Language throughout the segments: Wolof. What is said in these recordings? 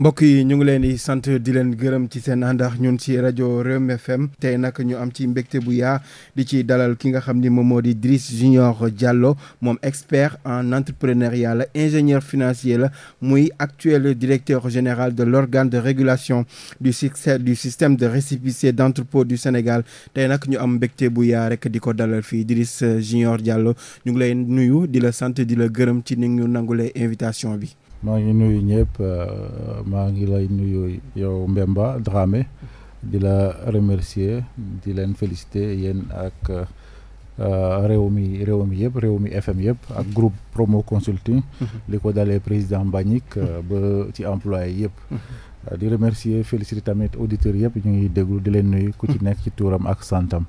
mbokk yi ñu ngi leen di sant di leen gërëm ci seen àndax ñun ci rajo Rewmi FM tey nag ñu am ci mbégte bu yaa di ci dalal ki nga xam ni moom moo di Driss Junior Diallo moom expert en entrepreneuriat la ingénieur financier la muy actuel directeur général de l'organe de régulation du succès du système de récépissé d'entrepôt du Sénégal tey nag ñu am mbégte bu yaa rek di ko dalal fii Driss Junior Diallo ñu ngi lay nuyu di la sant di la gërëm ci ni ñu nangulee invitation bi. maa ngi nuyu ñëpp euh, maa ngi lay nuyu yow Mbemba Dramé di la remercier di leen féliciter yéen ak euh, réew mi réew mi yëpp réew mi FM yëpp ak groupe promo consulting mhm. li ko dalee président Mbagnick euh, ba ci employé yëpp mhm. di remercier féliciter tamit auditeurs yëpp ñu ngi déglu di leen nuyu ku ci mhm. nekk ci tuuram ak santam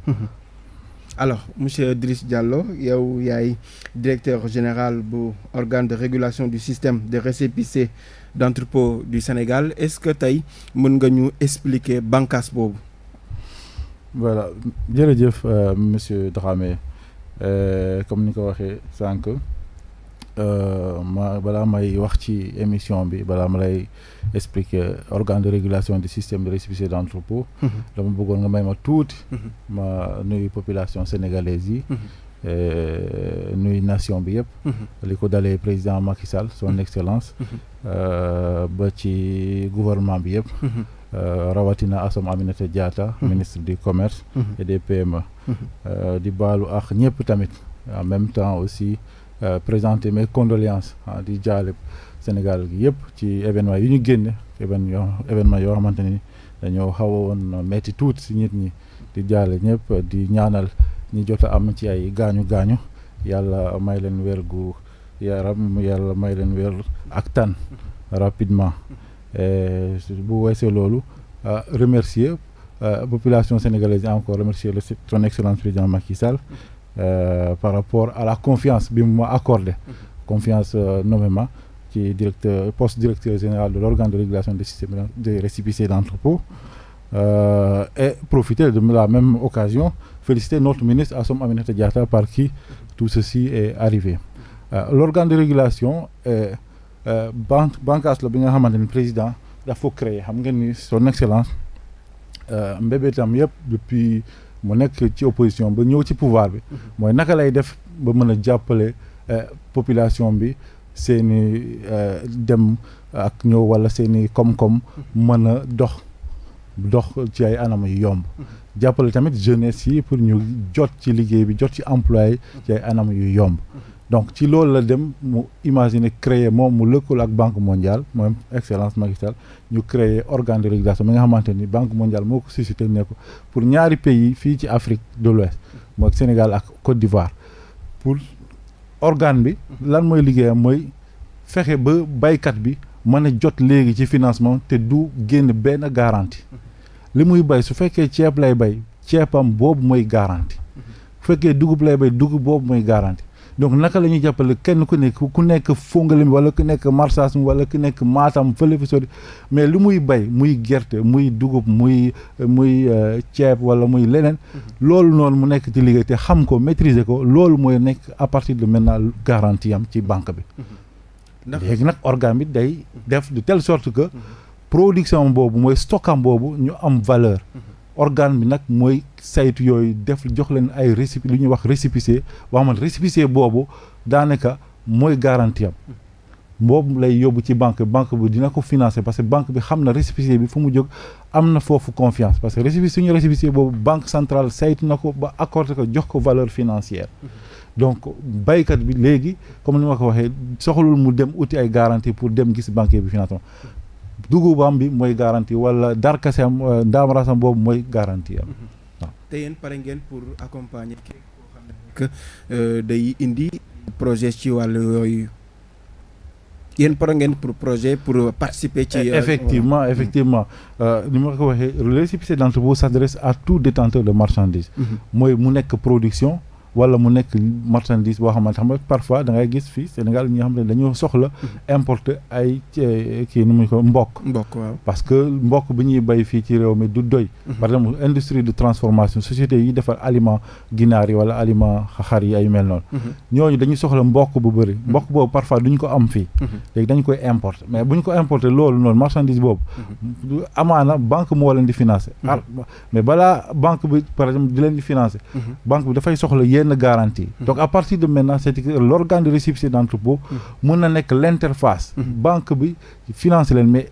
alors monsieur Driss Diallo yow yaay directeur général bu organe de régulation du système de récépissé d'entrepôt du Sénégal est-ce que tey mën nga ñu expliquer bànqaas boobu. voilà jërëjëf euh, monsieur Dramé euh, comme ni ko waxee sànq. Euh, ma balaa may wax ci émission bi balaa ma lay expliquer organe de régulation du système de récépissé d'entrepôt mm-hmm. dama bëggoon nga may ma tuuti mm-hmm. ma nuy population sénégalaise yi mm-hmm. euh, nuy nation bi yëpp li ko dalee président Macky son excellence euh, ba ci gouvernement bi yëpp rawatina Assome Aminata Diatta ministre du commerce et des PME di baalu ak ñëpp tamit en même temps aussi Euh, présenter mes condoléances ah di jaale Sénégal gi yëpp ci événement yi ñu génne événement événement yoo xamante ni dañoo xaw a woon metti tuuti si nit ñi di jaale ñëpp di ñaanal ñi jot a am ci ay gaañu gaañu yàlla may leen wér gu yaram yàlla may leen wér ak tan rapidement bu weesee loolu ah, remercier ah, population sénégalaise encore remercier le son excellence président Macky Sall Euh, par rapport à la confiance bi mu ma accordé mhm. confiance euh, nommément ci directeur poste directeur général de l'organe de régulation des systèmes des récépissés d'entrepôt euh, et profiter de la même occasion féliciter notre ministre Assome Aminata Diatta par qui tout ceci est arrivé euh, l'organe de régulation est euh, la bi nga xamante ni président daf ko créé xam ngeen ni son excellence mbébétam yëpp depuis mu nekk ci opposition ba ñëw ci pouvoir bi mhm. mooy naka lay def ba mën a jàppale euh, population bi seeni euh, dem ak ñëw walla seeni koom-koom mhm. mën a dox dox ci ay anam yu yomb mhm. jàppale tamit jeunesse yi pour ñu jot ci liggéey bi jot ci emploi yi ci ay anam yu yomb donc ci loolu la dem mu imaginer créer moom mu lëkkaloo ak banque mondiale moom excellence Macky ñu créer organe de régulation bi nga xamante ni banque mondiale moo ko suscité ne ko pour ñaari pays fii ci Afrique de l'Ouest mooy Sénégal ak Côte d'Ivoire pour organe bi lan mooy liggéeyam mooy fexe ba baykat bi mën a jot léegi ci financement te du génn benn garantie li muy bay su fekkee ceeb lay bay ceebam boobu mooy garantie fekkee dugub lay bay dugub boobu mooy garantie donc naka la ñuy jàppale kenn ku nekk ku nekk Fongolim wala ku nekk Marsassoum wala ku nekk Matam fële fi sori mais lu muy bay muy gerte muy dugub muy muy euh, ceeb wala muy leneen. Mhm. loolu noonu mu nekk ci liggéey te xam ko maîtriser ko loolu mooy nekk à partir de maintenant garantie am ci banque bi. Mhm. léegi nag organe bi day mhm. def de telle sorte que. production boobu mooy stockam boobu ñu am valeur. organe bi nag mooy saytu yooyu def jox leen ay récipi lu ñuy wax récépissé wax man récépissé boobu daanaka mooy garantie am boobu lay yóbbu ci banque banque bi dina ko financé parce que banque bi xam na récépissé bi fu mu jóg am na foofu confiance parce que récépissé suñu récépissé boobu banque centrale saytu na ko ba accordé ko jox ko valeur financière mm-hmm. donc baykat bi léegi comme ni ma ko waxee soxalul mu dem uti ay garantie pour dem gis banque bi financement dugubam bi mooy garantie wala darkasam uh, ndaamrasam boobu mooy garantie am. Mhm. te yéen pare ngeen pour accompagner kii euh, day indi projet ci wàllu yooyu. yéen pare ngeen pour projet pour participer ci. Euh, effectivement effectivement euh, ni ma ko waxee le récépissé d'entrepôt s'adresse à tout détenteur de marchandise. Mhm. mooy mu nekk production. wala mu nekk marchandise boo xamante xam nga parfois da ngay gis fii Sénégal ñi nga xam ne dañoo soxla mhm. importer ay eh, kii nu muy ko mbokk parce que mbokk bi ñuy béy fii ci réew mi du doy mhm. par exemple industrie de transformation société yi defar aliment ginaar yi wala aliment xar yi ay mel noonu mhm. ñooñu dañuy soxla mbokk bu bëri mbokk boobu parfois duñ ko am fii léegi dañ koy importer mais bu ñu ko importer loolu noonu marchandise boobu amaana banque moo leen di financer ah, mais balaa banque bi par exemple di leen di financé banque bi dafay soxla yenn garantie mm-hmm. donc à partir de maintenant c'est que l'organe de récépissé d'entrepôt mun mm-hmm. na nekk l'interface mm-hmm. banque bi financé leen mais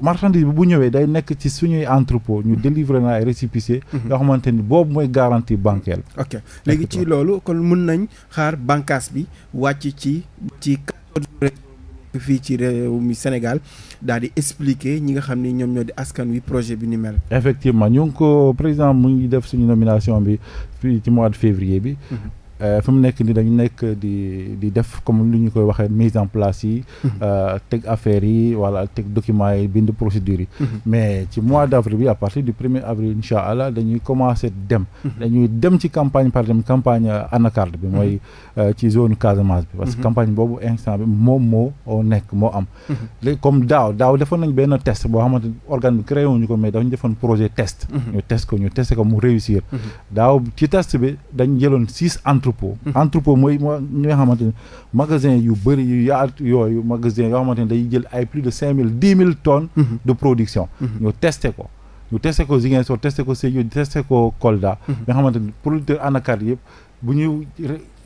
marchandise bi bu ñëwee day nekk ci suñuy entrepôt ñu délivrer na ay récépissé yoo xamante ni boobu mooy garantie bancaire ok léegi ci loolu kon mun nañ xaar bànkaas bi wàcc ci ci fii ci réew mi Sénégal daal di expliquer ñi nga xam ni ñoom ñoo di askan wi projet bi ni mel. effectivement ñu ngi ko président mu ngi def suñu nomination bi fii ci mois de février bi. Mhm. Euh, fi mu nekk ni dañu nekk di di def comme lu ñu koy waxee mise en place yi mhm. euh, teg affaires yi wala teg document yi bind procédures yi mhm. mais ci mois d' avril bi à partir du premier avril incha allah dañuy commencé dem mhm. dañuy dem ci campagne par exemple campagne anacarde bi mooy euh, ci zone Casamance bi parce que campagne boobu instant bi moo moo nekk moo am léegi comme daaw daaw defoon nañ benn test boo xamante organe bi créé wuñu ko mais dafa ñu defoon projet test ñu ko ñu test ko mu réussir daaw entrepôt. entrepôt mooy ñi nga xamante ne magasin yu bëri yu yaatu yooyu magasin yoo xamante ne day jël ay plus de cinq mille dix mille tonnes. Mhm. de production. Mhm. ñu testé ko. ñu testé ko Ziguinchor testé ko Sédhiou testé ko Kolda. Mhm. nga xamante producteur anacarde yëpp bu ñu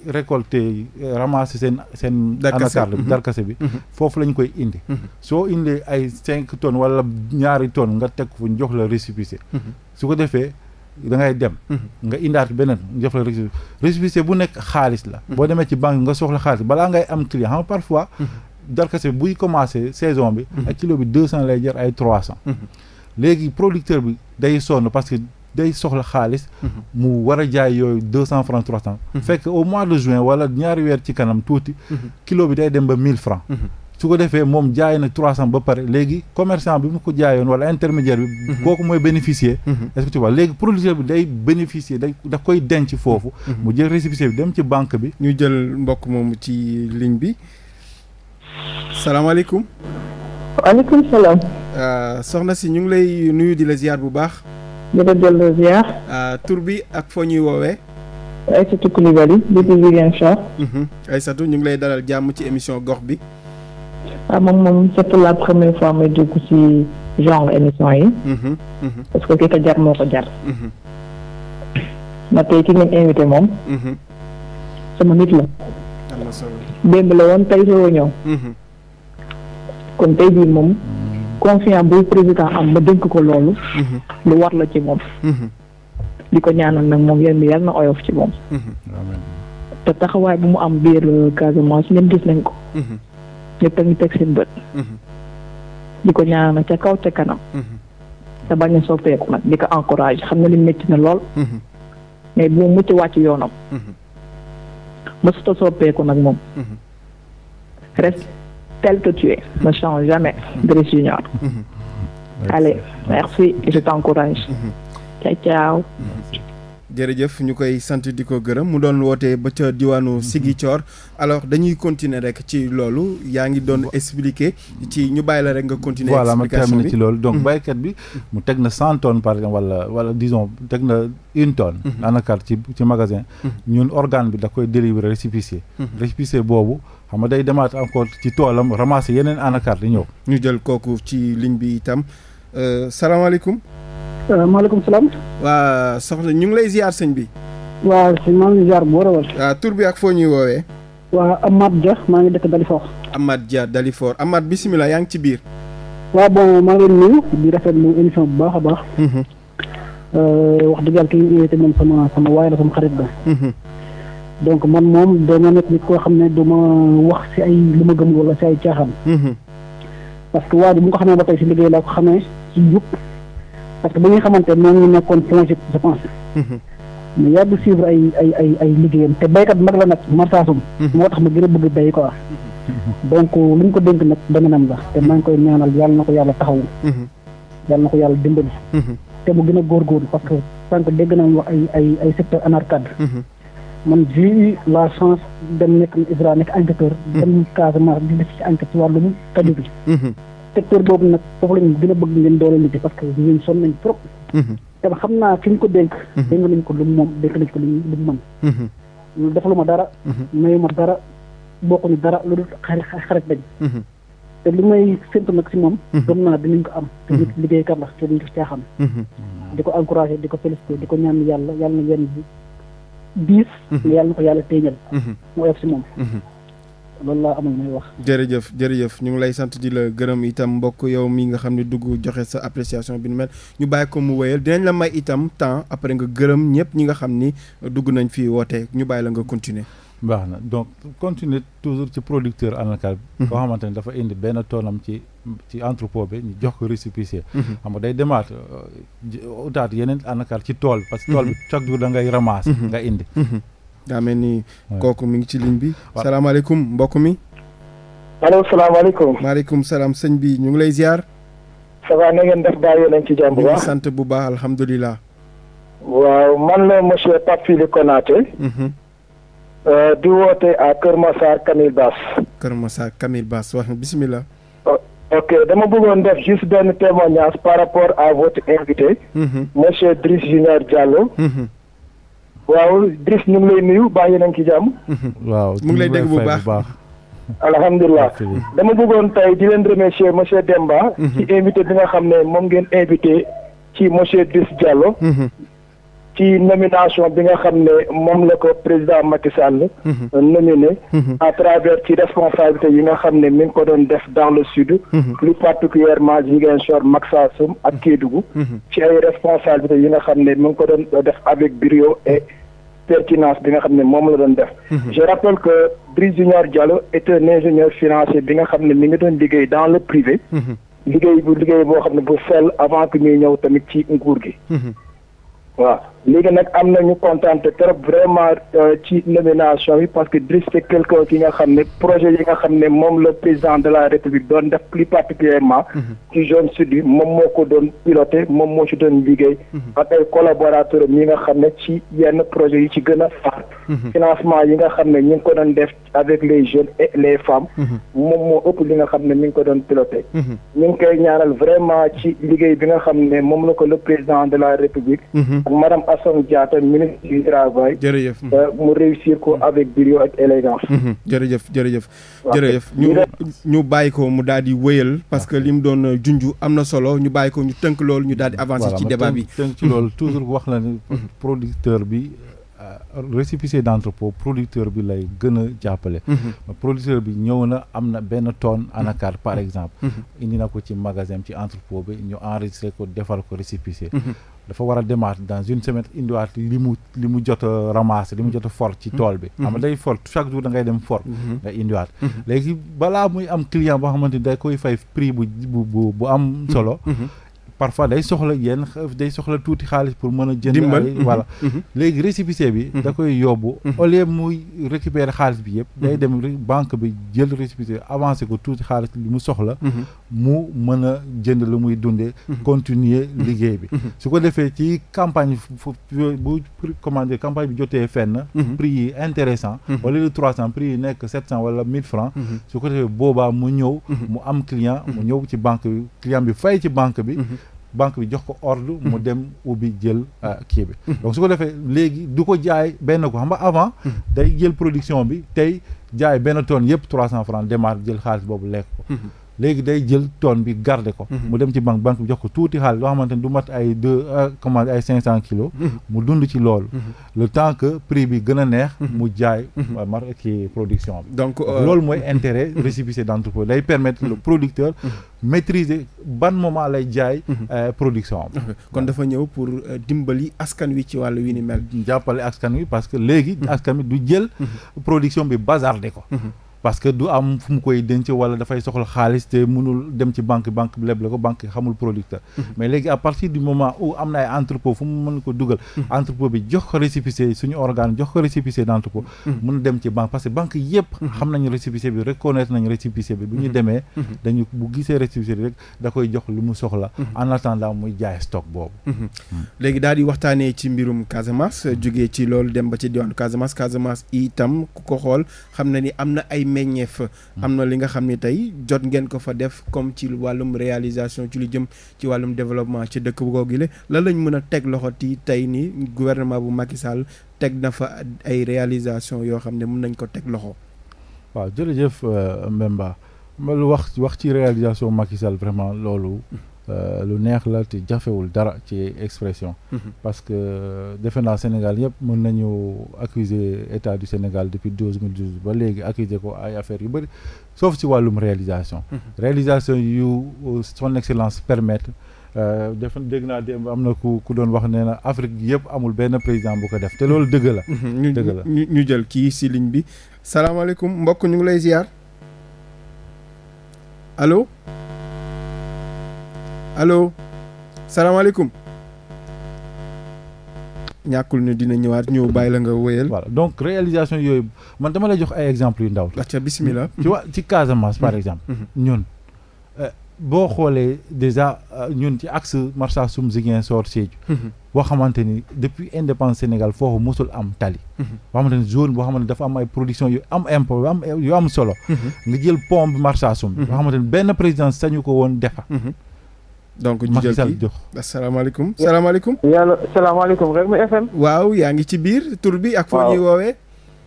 récolté euh, ramasser seen seen. anacarde bi darkase bi. foofu lañ koy indi. soo indee ay cinq tonnes wala ñaari tonnes nga teg fu ñu jox la récépissé. su ko defee. da ngay dem. Mhm. nga indaat beneen nga def la récépissé bu nekk xaalis la. Mhm. boo demee ci banque nga soxla xaalis balaa ngay am client xam parfois. darkase mhm. bi buy commencé saison bi. ak kilo bi deux cent lay jar ay trois cent. léegi producteur bi day sonn parce que day soxla xaalis. mu war a jaay yooyu deux cent franc trois cent. fekk au mois de juin wala ñaari weer ci kanam tuuti. kilo bi day dem ba mille franc. su ko defee moom jaay na trois cent ba pare léegi commercant bi mu ko jaayoon wala intermédiaire bi mhm. kooku mooy bénéficier mhm. est-ce que tu vois léegi producteur bi day bénéficier da daf koy denc foofu mhm. mu jël récépissé bi dem ci banque bi ñu jël mbokk moomu ci ligne bi salaamaaleykum waaleykum salaam euh, soxna si ñu ngi lay nuyu di la ziar bu baax di la dellu ziar euh, tur bi ak foo ñuy woowee Aïssatou Coulibaly depuis Ziguinchor Aïssatou ñu ngi lay dalal jàmm ci émission gox bi waaw ah, moom moom surtout la première fois may dugg ci genre émission yi. Mhm, mhm. parce que ki ko jar moo ko jar. na mhm. tey ki ngeen invité moom. sama nit la. démb la woon tey soo ñëw. kon tey jii moom. confiance bu président am ma dënk ko loolu. lu war la ci moom. di ko ñaanal nag moom yéen yal na oyof ci moom. te taxawaay bu mu am biir Casamance ñun gis nañ ko. ñëpp a ngi teg seen bët. Mhm. di ko ñaanal ca kaw ca kanam. Mhm. te bañ a soppeeku nag di ko xam ne li métti na lool. Mhm. mais bu mu mucc wàcc yoonam. mësuta soppeeku nag moom. reste tel que tu es. ne jamais. Driss Junior. allez merci je t'encourage. ciao jërëjëf ñu koy sant di ko gërëm mu doon wootee ba ca diwaanu mhm. Ziguinchor alors dañuy continuer rek ci loolu yaa ngi doon expliquer ci ñu bàyyi la rek nga continuer voilà ma terminer ci loolu donc mhm. baykat bi mu teg na cent tonnes par exemple wala wala disons teg na une tonne daanaka mhm. ci ci magasin ñun organe bi da koy délivrer récépissé récépissé boobu xam nga day demaat encore ci toolam ramasser yeneen anacarde di ñëw ñu jël kooku ci ligne bi itam euh, salaamaaleykum maaleykum salaam. waa soxna ñu ngi lay ziar sëñ bi. waaw sëñ maa ngi bu war a war. waa tur bi ak foo ñuy woowee. waa Amath Dia maa ngi dëkk Dalifort. Amath Dia Dalifort Amath bisimilah yaa ngi ci biir. waaw bon maa ngi leen nuyu di rafetlu émission bu baax a baax. Mm-hmm. Euh, wax dëgg yàlla ki ñu invité moom sama sama waay la sama xarit ba. Mm-hmm. donc man moom dama nekk nit koo xam ne du ma wax si ay lu ma gëm wala si ay caaxaan. Mm-hmm. parce que waa ji bu nga xamee ba tey si liggéey laa ko xamee si njub. parce que ba nga xamante noonu ñu nekkoon plongé je pense. Mhm. mais yàgg suivre ay ay ay ay liggéeyam te béykat mag la nag marsaasum. Mhm. moo tax ma gën a bëgg béy quoi. Mhm. donc euh, lu ñu ko dénk nag domaine la te ma ngi koy ñaanal yàlla na ko yàlla taxawu. yàlla na ko yàlla dimbali. te mu gën a góorgóorlu parce que sànq dégg naa wax ay ay ay secteur anarcade. man j'ai eu la chance dem nekk ISRA nekk enquêteur. dem Casamance di def ci enquête ci secteur boobu nag foofu lañ gën a bëgg ngeen doole liggéey parce que jigéen sonn nañ trop mhm. te xam naa fi ñu ko dénk mhm. dénk nañ ko lu mu moom dénk nañ ko lu mu mën mhm. defalu ma dara mayu ma dara bokkuñu dara lu dul xari xarit lañ te li may séntu nag si moom gëm naa dinañ ko am te nit liggéeykat la te duñ ko caaxaan di ko encouragé di ko félicité di ko ñaan yàlla yàlla na yenn bi nga yàlla na ko yàlla téeñal mu oyof si moom loolu laa amoon may wax. jërëjëf jërëjëf ñu ngi lay sant di la gërëm itam mbokk yow mii nga xam ne dugg joxe sa appréciation bi nu mel ñu bàyyi ko mu wéyal dinañ la may itam temps après nga gërëm ñëpp ñi nga xam ni dugg nañ fi wootee ñu bàyyi la nga continuer. baax na donc continuer toujours ci producteur anacarde bi. Mhm. koo xamante ne dafa indi benn toonam ci ci entrepôt bi ñu jox ko récépissé. Mhm. xam nga day demaat euh, utaat yeneen anacarde ci tool parce que tool bi mhm. chaque jour nga indi. daa ni kooku mi ngi ci ligne bi. salaamaaleykum mbokk mi. allo salaamaaleykum. maaleykum salaam sëñ bi ñu ngi lay ziar. ça va ngeen def baa yéen a ngi sant bu baax alhamdulilah. waaw man la monsieur Pape Fili Konaté. Mhm. Euh, woote à Kër Massar Camille Bass. Kër Massar Camille Bass wax bisimilah. Oh, ok dama bëggoon def juste benn témoignage par rapport à votre invité. Mhm. monsieur Driss Junior Diallo. Mhm. waaw Driss ñu ngi lay nuyu baax yéen a ngi ci jàmm. waaw mu ngi lay dégg bu baax alhamdulilah dama bëggoon tey di leen remercier monsieur Demba. Mhm. ci invité bi nga xam ne moom ngeen invité ci monsieur Driss Diallo. Mhm. ci nomination bi nga xam ne moom la ko président Macky Sall. Mhm. nominé. Mhm. à travers ci responsabilité yi nga xam ne mi ngi ko doon def dans le sud. Mhm. plus particulièrement Ziguinchor Magsassoum ak Kédougou. ci ay responsabilités yi nga xam ne mi ngi ko doon def avec brio et pertinence bi nga xam ne moom la doon def. je rappelle que Brice Junior Diallo est un ingénieur financier bi nga xam ne mi ngi doon liggéey dans le privé. liggéey bu liggéey boo xam ne bu sell avant que ñuy ñëw tamit ci nguur gi. waaw léegi nag am nañu kontaan trop vraiment euh, ci nomination bi parce que Driss c'est quelqu'un ki nga xam ne projet yi nga xam ne moom la président de la république doon def plus particulièrement mhm. ci zone sud bi moom moo ko doon piloté moom moo ci doon liggéey mhm. ak ay collaborateurs yi nga xam ne ci yenn projet yi ci gën a faar mhm. financement yi nga xam ne ñu ngi ko doon def avec les jeunes et les femmes moom moo ëpp li nga xam ne mi ngi ko doon piloté ñu ngi koy ñaanal vraiment ci liggéey bi nga xam ne moom la ko président de la république ak madame Assome Diatta ministre du travail. jërëjëf euh, mu réussir ko avec brio ak élégance. Mhm. jërëjëf jërëjëf. jërëjëf ñu ñu bàyyi ko mu daal di wéyal parce que li mu doon junj am na solo ñu bàyyi ko ñu tënk lool ñu daal di avancer. ci débat bi tënk ci loolu toujours wax na ni mhm. producteur bi. récépissé d'entrepôt producteur bi lay gën a jàppale mhm. producteur bi ñëw na am na benn tonne mhm. anacarde par exemple mhm. indi na ko ci magasin ci entrepôt bi ñu enregistré ko defal ko récépissé dafa war a démarrer dans une semaine indiwaat li mu li mu jot a li mu jot a for ci tool bi xam day for chaque jour da ngay dem for nga indiwaat léegi balaa muy am client boo xamante ni day koy fay prix bu bu bu am solo parfois day soxla yenn day soxla tuuti xaalis pour mën a jënd ay voilà mhm. léegi récépissé bi mhm. da koy yóbbu mhm. au lieu muy récupérer xaalis bi yëpp day dem banque bi jël récépissé avancé ko tuuti xaalis li mu soxla mu mën a jënd lu muy dundee continuer liggéey bi su ko defee ci campagne bu comment dire campagne bi jotee fenn prix yi intéressant au lieu de trois cent prix yi nekk sept cent wala mille francs su ko defee boobaa mu ñëw mu am client mu ñëw ci banque bi client fay ci banque bi banque bi jox ko ordre. mu hmm. dem ubbi jël euh, hmm. kii bi. Hmm. donc su ko defee léegi du ko jaay benn ko xam avant. day jël production bi tey jaay benn tonne yëpp trois cent franc démarre jël xaalis boobu lekk ko. léegi day jël tonne bi garder ko. Mhm. mu dem ci banque banque bi jox ko tuuti xaalis loo xamante ni du mat ay deux euh, comment ay cinq cent kilos. Mhm. mu dund ci loolu. Mhm. le temps que prix bi gën a neex. mu jaay marque kii production bi. donc euh, loolu mooy intérêt récépissé d'entrepôt day permettre le producteur. maîtriser ban moment lay jaay. Euh, production am. kon dafa ñëw pour dimbali askan wi ci wàllu wi ni mel. jàppale askan wi parce que léegi. askan wi du jël. production bi bazardé ko. parce que du am fu mu koy denc wala dafay soxla xaalis te mënul dem ci banque banque bi leble ko banque xamul producteur mhm. mais léegi à partir du moment où am na ay entrepôt fu mu mën ko dugal mhm. entrepôt bi jox ko récépissé suñu organe jox ko récépissé d' entrepôt mën mhm. dem ci banque parce que banque yëpp xam nañu récépissé bi rek da koy jox lu mu soxla en attendant muy jaay stock boobu hmm. léegi daal di waxtaanee ci mbirum Casamance hmm. jógee ci loolu dem ba ci diwaanu Casamance Casamance itam ku fa hmm. am na li nga xam ni tey jot ngeen ko fa def comme ci wàllum réalisation ci lu jëm ci wàllum développement ci dëkk googile lan lañ mën a teg loxo tey ni gouvernement bu Macky Sall teg na fa ay réalisation yoo xam ne mën nañ ko teg loxo waaw jërëjëf euh, Mbemba ma lu wax wax ci réalisation Macky vraiment loolu hmm. Euh, lu neex la te jafewul dara ci expression. Mhm. parce que euh, defe naa Sénégal yëpp mën nañu accuser état du Sénégal depuis deux mille douze ba léegi accuser ko ay affaire yu bëri soof si wàllum réalisation. Mhm. réalisation yu euh, son excellence permettre. dafa dégg naa démb am na ku ku doon wax nee na Afrique yëpp amul benn président bu ko def te loolu dëgg la. Mhm. dëgg la ñu ñu jël kii si ligne bi. salaamaaleykum mbokk ñu ngi lay ziar allo salaamaaleykum ñàkkul ne dina ñëwaat ñëw bàyyi la nga wéyal. voilà donc réalisation yooyu man dama lay jox ay exemples yu ndaw. acca bismillah. ci wa ci Casamance par mm-hmm. exemple. Mm-hmm. ñun euh, boo xoolee déjà euh, ñun ci axe Marsassoum Ziguinchor Sédhiou. Mm-hmm. boo xamante ni depuis indépendance Sénégal foofu mosul am tali. boo xamante ni zone boo xamante ni dafa am ay production yu am impôt yu am am solo. nga jël pont bi Marsassoum. boo xamante ni benn présidence sañu ko woon defa donc ñu jël kii asalaamaaleykum. salaamaaleykum. yàlla salaamaaleykum Rewmi FM. waaw yaa ngi ci biir tur bi ak. foo ñuy woowee.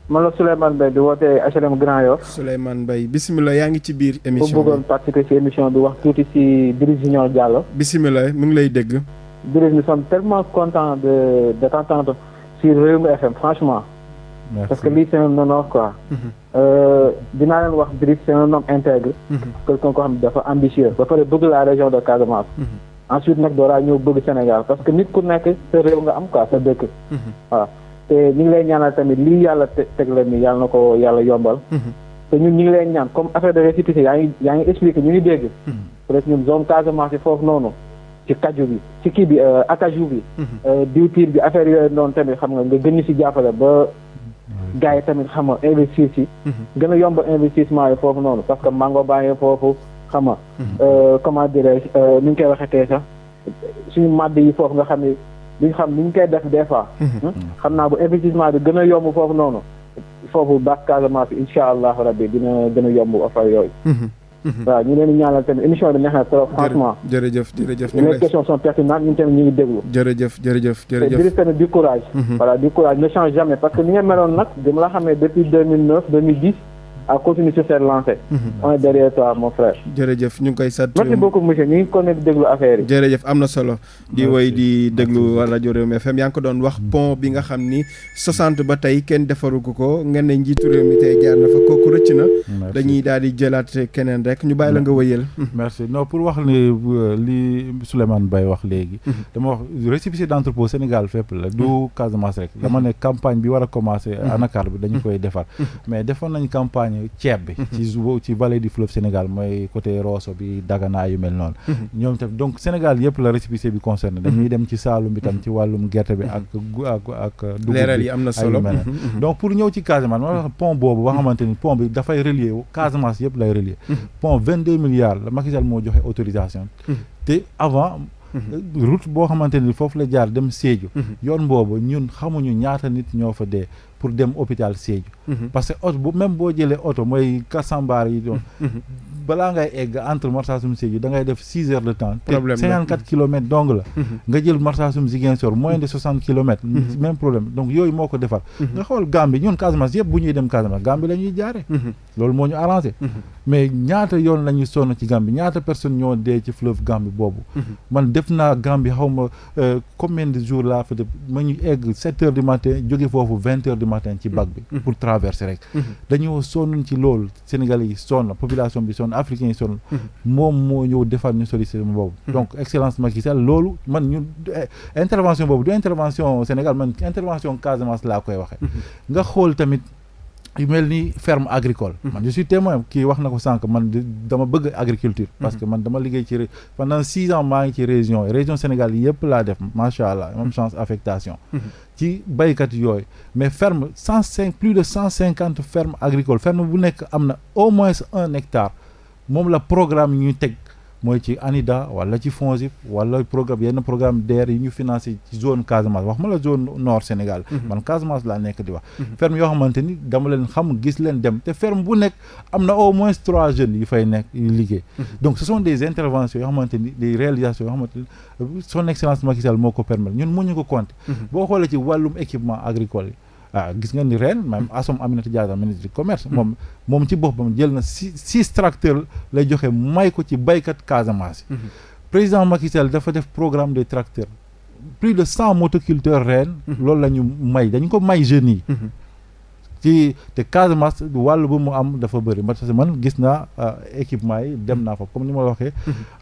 man la Souleymane Mbaye di woote HLM Grand Yoff. Souleymane Mbaye bisimilah yaa ngi ci biir. émission bi bu bëggoon participer émission bi wax tuuti ci Birame Junior Diallo. bisimilah mu ngi lay dégg. Birame nous sommes tellement contents de de t'entendre sur Rewmi FM franchement. parce que li c'est un honneur quoi. Mhm. Euh, dinaa leen wax Brice c'est un homme intègre. Mhm. quelqu'un koo xam dafa ambitieux. ba pare bëgg la région de Casamance. Mhm. ensuite nag dooraa ñëw bëgg Sénégal parce que nit ku nekk sa réew nga am quoi sa dëkk. voilà te ñu ngi lay ñaanal tamit li yàlla te teg la nii yàlla na ko yàlla yombal. te ñun ñu ngi leen ñaan comme affaire de récépissé yaa ngi yaa ngi expliqué ñu ngi dégg. peut-être ñun Casamance yi foofu noonu. ci kaju bi ci kii bi euh, akaju bi. Euh, diwtiir yooyu noonu tamit xam nga nga gën ñu si jàppale gars yi tamit xam nga investir si. Mm-hmm. gën a yomb investissement yi foofu noonu parce que mango baa ngi foofu xam nga. Mm-hmm. Euh, comment dirais je euh, ni ñu koy waxatee sax suñu màdd yi foofu nga xam ne luñ xam ni koy def des fois. Mm-hmm. Hmm? xam naa bu investissement bi gën a yomb foofu noonu foofu bas Casamance incha allah rabbi dina gën a yomb affaire yooyu. waaw ñu leen di ñaanal tamit émission bi neex na trop franchement. jërëjëf les questions sont pertinentes ñun tamit ñu déglu. jërëjëf jërëjëf jërëjëf te mhm. du courage. ne change jamais parce que ni nga meloon nag dama la xamee depuis 2009 2010. ah continue sur cette lancée. Mhm. on est jërëjëf ñu ngi koy sant. merci beaucoup monsieur ñu ngi continué di déglu affaire am na solo. di woy di déglu rajo Rewmi FM yaa ngi ko doon wax pont bi nga xam ni 60 ba tey kenn defaru ko ko ngeen ne njiitu réew mi tey jaar na fa kooku rëcc na. dañuy daal di jëlaat keneen rek ñu bàyyi la nga wëyal. merci non pour wax ni euh, li Souleymane bay wax léegi. Mhm. dama wax récépissé d'entrepôt Sénégal fépp la du mhm. Casamance rek. dama ne campagne bi war a commencer. anacar bi dañu koy defar mais defoon nañ campagne. nañu ceeb bi. Mhm. ci ci vallée du fleuve Sénégal mooy côté Rosso bi Dagana yu mel noonu. Mhm. ñoom tamit donc Sénégal yëpp la récépissé bi concerné. dañuy mhm. dem ci Saalum bi tam ci wàllum gerte bi ak ak ak. dugub bi leeral yi am na solo donc pour ñëw ci Casamance bi dafay relier Casamance yëpp lay relier. pont 22 milliards la Macky moo joxe autorisation. te avant. route boo xamante foofu la jaar dem Sédhiou. yoon boobu ñun xamuñu ñaata nit ñoo fa dee. pour dem hôpital Sédhiou. Mhm. parce que oto bu même boo jëlee oto mooy kasambaar yi. Mhm. Mhm. balaa ngay egg entre Marsassoum Sédhiou da ngay def six heures de temps. problème te cinquante quatre kilomètres dong la. Mhm. nga jël Marsassoum Ziguinchor moins de soixante kilomètres. Mhm. même problème donc yooyu moo ko defar. Mhm. nga xool Gambie ñun Casamance yëpp bu ñuy dem Casamance Gambie la jaare loolu moo ñu arrangé. mais ñaata yoon la sonn ci Gambie ñaata personne ñoo dee ci fleuve Gambie boobu. man def naa Gambie xaw ma euh, combien de jours laa fa def ma ñu egg sept africains yi sonn mhm. moom moo ñëw defar ñu solution boobu mhm. donc excellence Macky Sall loolu man ñu eh, intervention boobu du intervention Sénégal man intervention Casamance laa koy waxee mhm. nga xool tamit mel ni ferme agricole man je suis témoin kii wax na ko sànq man dama bëgg agriculture parce que man dama liggéey ci pendant six ans maa ngi ci région région Sénégal yëpp laa def macha allah même chance affectation ci béykat yooyu mais ferme cent cinq plus de cent cinquante ferme agricole ferme bu nekk am na au moins un hectare moom la programme yi ñu teg mooy ci ANIDA wala ci FONGIP wala programme yenn programme DER yi ñu financé ci zone Casamance wax ma la zone nord Sénégal. Mhm. man Casamance laa nekk di wax. Mhm. ferme yoo xamante ni dama leen xam gis leen dem te ferme bu nekk am na au moins trois jeunes yu fay nekk liggéey. Mhm. donc ce sont des interventions yoo xamante ni des réalisations yoo xamante ni son excellence Macky moo ko permettre ñun mënuñu ko compter. boo xoolee ci wàllum équipement agricole yi. ah gis nga ni ren même hmm. Assome Aminata Diatta ministre du commerce. Hmm. moom moom ci boppam jël na six six tracteurs lay joxe may ko ci baykat Casamance. Hmm. président Macky Sall dafa def programme des tracteurs. plus de cent motoculteurs ren. loolu la ñu may dañu ko may jeunes yi. ci te Casamance wàll bu mu am dafa bëri parce que man gis naa ah, équipement yi dem naa fa comme ni ma waxee.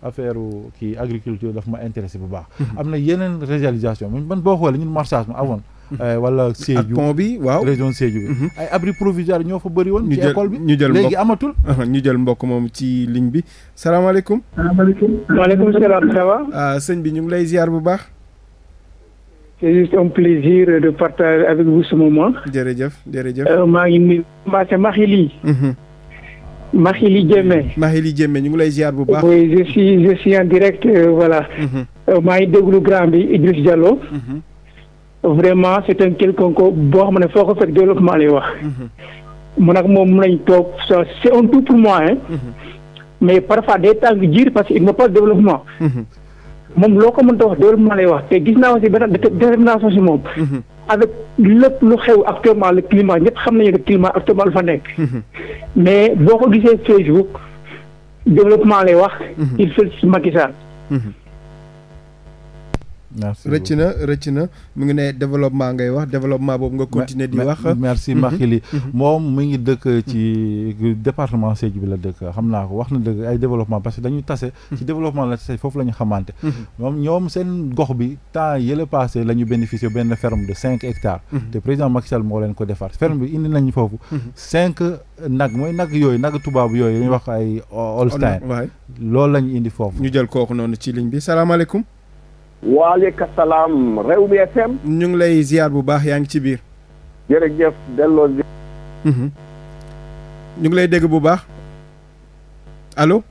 affaire kii agriculture dafa ma intéressé bu baax. am na yeneen réalisation man boo xoolee ñun maraîchage amoon. Euh, wala Sédhiou ak bi waaw région Sédhiou bi. Mhm. ay abri provisoire ñoo fa bari woon. ci école bi ñu jël léegi amatul. ñu jël mbokk moom ci ligne bi salaamaaleykum. salaamaaleykum. maaleykum salaam ça va. Ah, sëñ bi ñu ngi lay ziar bu baax. c'est juste un plaisir de partager avec vous ce moment. jërëjëf jërëjëf. Euh, maa ngi nuyu. Mbacar Makhili. Mhm. Makhili Diémé. Makhili Diémé ñu ngi lay ziar bu baax. oui je suis je suis en direct euh, voilà. Mhm. maa ngi déglu grand bi Idriss Diallo. vraiment c' est un quelqu'un ko boo xam ne foo ko fekk développement lay wax. man mhm. ak moom mun nañ toog c' est un tout pour moi hein. Mhm. mais parfois day tàng jiir parce que il n' a pas développement. Mhm. moom loo ko mënta wax développement lay wax te gis naa aussi benn détermination si moom. avec lépp lu xew actuellement le climat ñëpp xam nañu ne climat actuellement lu fa nekk. mais boo ko gisee Facebook développement lay wax. il fait Macky merci rëcc na rëcc na mu ngi ne développement ngay wax développement boobu nga continuer di wax merci mhm. Makhili mhm. Mhm. moom mu ngi dëkk ci département Sédhiou bi la dëkk xam naa ko wax na dëgg ay développement parce que dañu tase ci développement la tase foofu la xamante moom ñoom seen gox bi temps yële passé la ñu bénéficier benn ferme de cinq hectares te président Macky moo leen ko defar ferme bi indi nañ foofu cinq nag mooy nag yooyu nag tubaabu yooyu dañuy wax ay Holstein loolu la indi foofu ñu jël kooku noonu ci ligne bi salaamaaleykum waaleykum salaam Rewmi FM. ñu ngi lay ziar bu baax yaa ngi ci biir. jërëjëf delloo. Mhm. ñu ngi lay dégg bu baax alo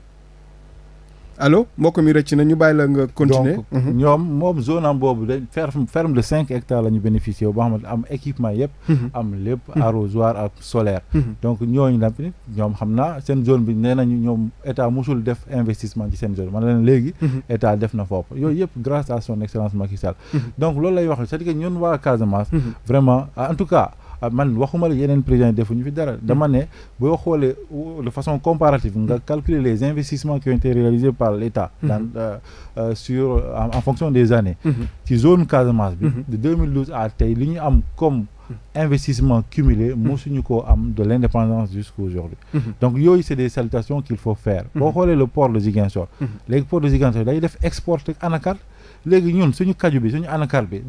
allo mbokk mi rëcc na ñu bàyyi la nga continuer donc mhm. ñoom moom zone am boobu de ferme ferme de cinq hectares la ñu bénéficié boo xamante am équipement yëpp mhm. am lépp mhm. arrosoir ak solaire donc ñooñu la ñoom xam naa seen zone bi nee nañu ñoom état musul def investissement ci seen zone man leen léegi état def na foofu yooyu yëpp grâce à son excellence Macky donc loolu lay wax c'est-à-dire que waa Casamance vraiment en tout cas Ah, man waxuma la yeneen président yi defuñu fi dara dama ne boo xoolee de façon comparative nga calculer les investissements qui ont été réalisés par l'État mhm. dans euh, euh, sur en, en fonction des années mhm. ci zone Casamance bi mhm. de 2012 à tey ñu am comme investissement cumulé mosuñu ko am de l'indépendance jusqu'à donc yooyu c'est des salutations qu'il faut faire boo xoolee le port de Ziguinchor léegi port de Ziguinchor day def exporter anacarde léegi ñun suñu kaju bi suñu anacarde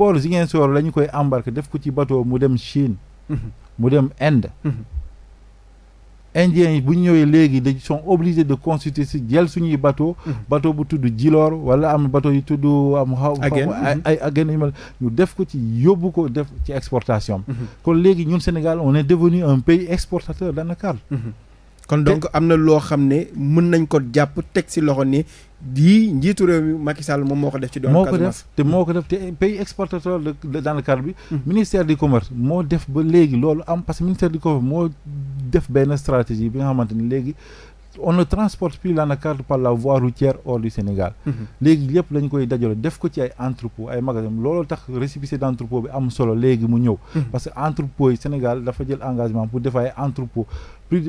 port Ziguinchor la ñu koy embarqué def ko ci bateau mu dem Chine mu dem Inde indiens bu ñëwee léegi dañ sont obligés de consulter si jël suñuy bateau bateau bu tudd jiloor wala am bateau yu tudd am xaw ay Agen ma ñu def ko ci yóbbu ko def ci exportation mhm. kon léegi ñun Sénégal on est devenu un pays exportateur d'anacarde kon donc am na loo xam ne mën nañ ko jàpp teg si loxo ni di njiitu réew mi Macky moom moo ko def ci doon Casamance te moo ko def te pays exportateur de dans bi hmm. ministère di commerce moo def ba léegi loolu am parce que ministère du commerce moo def benn stratégie bi nga xamante ni léegi on ne transporte plus l'anacarde par la voie routière hors du Sénégal. Mhm. léegi lépp lañ koy dajale def ko ci ay entrepôt ay magasin looloo tax récépissé d' entrepôt bi am solo léegi mu ñëw. Mhm. parce que entrepôt yi Sénégal dafa jël engagement pour def ay entrepôt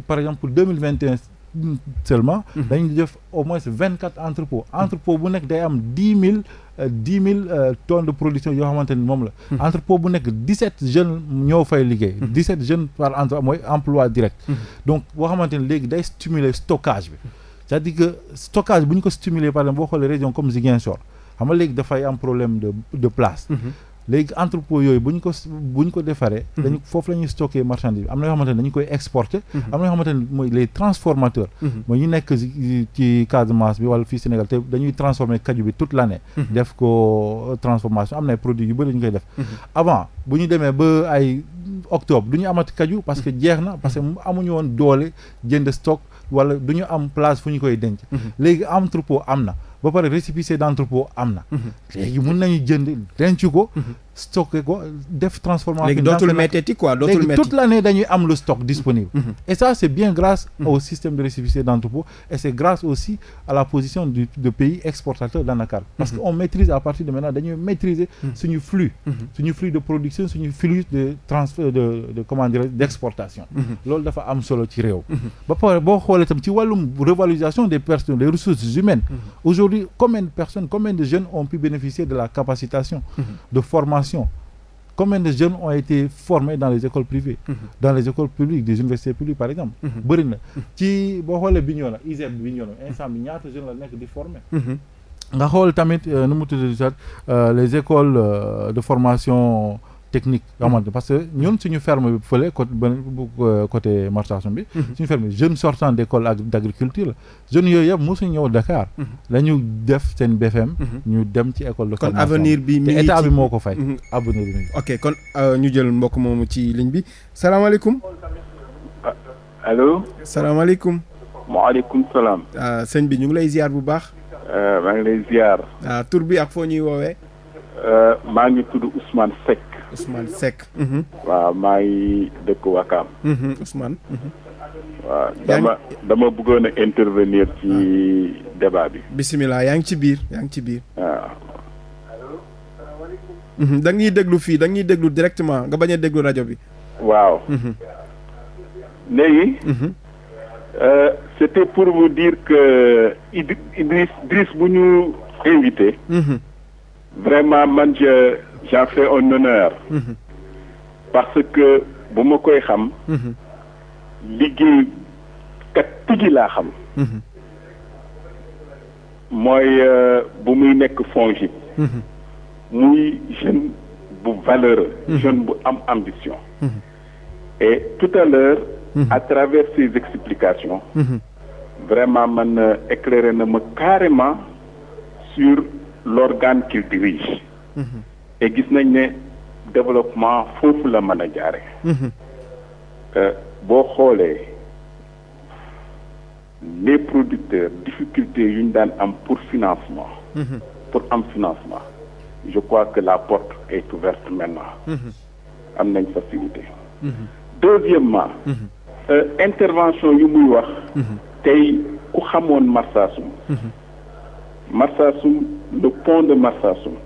par exemple pour deux mille vingt et un seulement. Mhm. dañu def au moins vingt quatre entrepôt entrepôt bu nekk day am dix mille. dix mille euh, tonnes de production yoo xamante ni moom la. Hmm. entrepôt bu nekk dix sept jeunes ñoo fay liggéey. Hmm. dix sept jeunes par entre mooy emploi direct. Hmm. donc boo xamante ni léegi day stimuler stockage bi. c'est-à-dire que stockage bu ñu ko stimuler par exemple boo xoolee région comme Ziguinchor xam nga léegi dafay am problème de de place. léegi entrepôt yooyu bu ñu ko bu ñu ko defaree mhm. dañu foofu la ñuy stocké marchandise bi am na yoo xamante ne dañu koy exporté mhm. am na yoo xamante ne mooy les transformateurs mhm. mooy ñu nekk ci Casamance bi wala fii Sénégal te dañuy transformer kaju bi toute l'année def ko euh, transformation am na produit yu bëri ñu koy def avant bu ñu demee ba ay octobre du ñu amat kaju parce que jeex na parce que amuñu woon doole jënd stock wala du ñu am place fu ñu koy denc léegi entrepôt am na ba pare récépissé d'entrepôt am na mhm. léegi mun nañu jënd denc ko mhm. stocké ko def transformation. léegi dootul métti quoi dootul métti toute l'année dañuy am le stock disponible. Mm-hmm. et ça c'est bien grâce mm-hmm. au système de récépissé d'entrepôt et c'est grâce aussi à la position de pays exportateur d'anacarde mm-hmm. parce que maîtrise à partir de maintenant dañuy maîtriser suñu flux. flux de production suñu flux de transfert d'exportation. loolu dafa am solo ci réew. ba pare ressources humaines. aujourd'hui combien de personnes combien de jeunes formation combien de jeunes ont été formés dans les écoles privées mm -hmm. dans les écoles publiques des universités publiques par exemple mhm. bëri mhm. ci boo xoolee Bignona ISEP Bignona instant bi ñaata la nekk di former mhm. nga xool tamit euh, nu mu tudd sax euh, les écoles euh, de formation technique yoo xamante parce que ñun suñu ferme bi fële euh, côté bu côté Marsassoum bi mhm. suñu ferme bi jeune sortant d'école d' agriculture la jeunes yooyu yëpp mosuñu ñëw Dakar mhm. la ñu def seen BFM mhm. ñu dem ci école de kon avenir bi mi ngi état bi moo ko fay avenir bi ok kon euh, ñu jël mbokk moomu ci ligne bi salaamaaleykum ah, allo salaamaaleykum aleykum salaam ah, sëñ bi ñu ngi lay ziar bu baax euh, maa ngi lay ziar ah, tur bi ak foo ñuy woowee maa ngi tudd Ousmane Seck Ousmane Seck. Mhm. waaw maa mhm, mhm. ngi dëkk Wakaam. Ousmane. waaw dama dama bëggoon a intervenir ci ah. débat bi. bisimilah yaa ngi ci biir yaa ngi ci biir. waaw. déglu fii da déglu directement nga bañ déglu rajo bi. waaw. léegi. Euh, c'était pour vous dire que Idriss Idriss bu ñu invité. vraiment man je j'en fais un honneur. Mhm. parce que bu ma koy xam. Mhm. liggéey kat tigi laa xam. Mhm. mooy euh, bu muy nekk FONGIP. muy jeune bu valeureux. jeune bu am ambition. et tout à l'heure à travers ces explications. vraiment man euh, éclairer na ma carrément sur l'organe qu'il dirige. te gis nañ ne développement foofu la mën a jaare mhm. boo xoolee les producteurs difficultés yu ñu daan am pour financement mhm. pour am financement je crois que la porte est ouverte maintenant mhm. am nañ facilité deuxièmement euh, intervention yu muy wax tey ku xamoon Marsassoum Marsassoum le pont de Marsassoum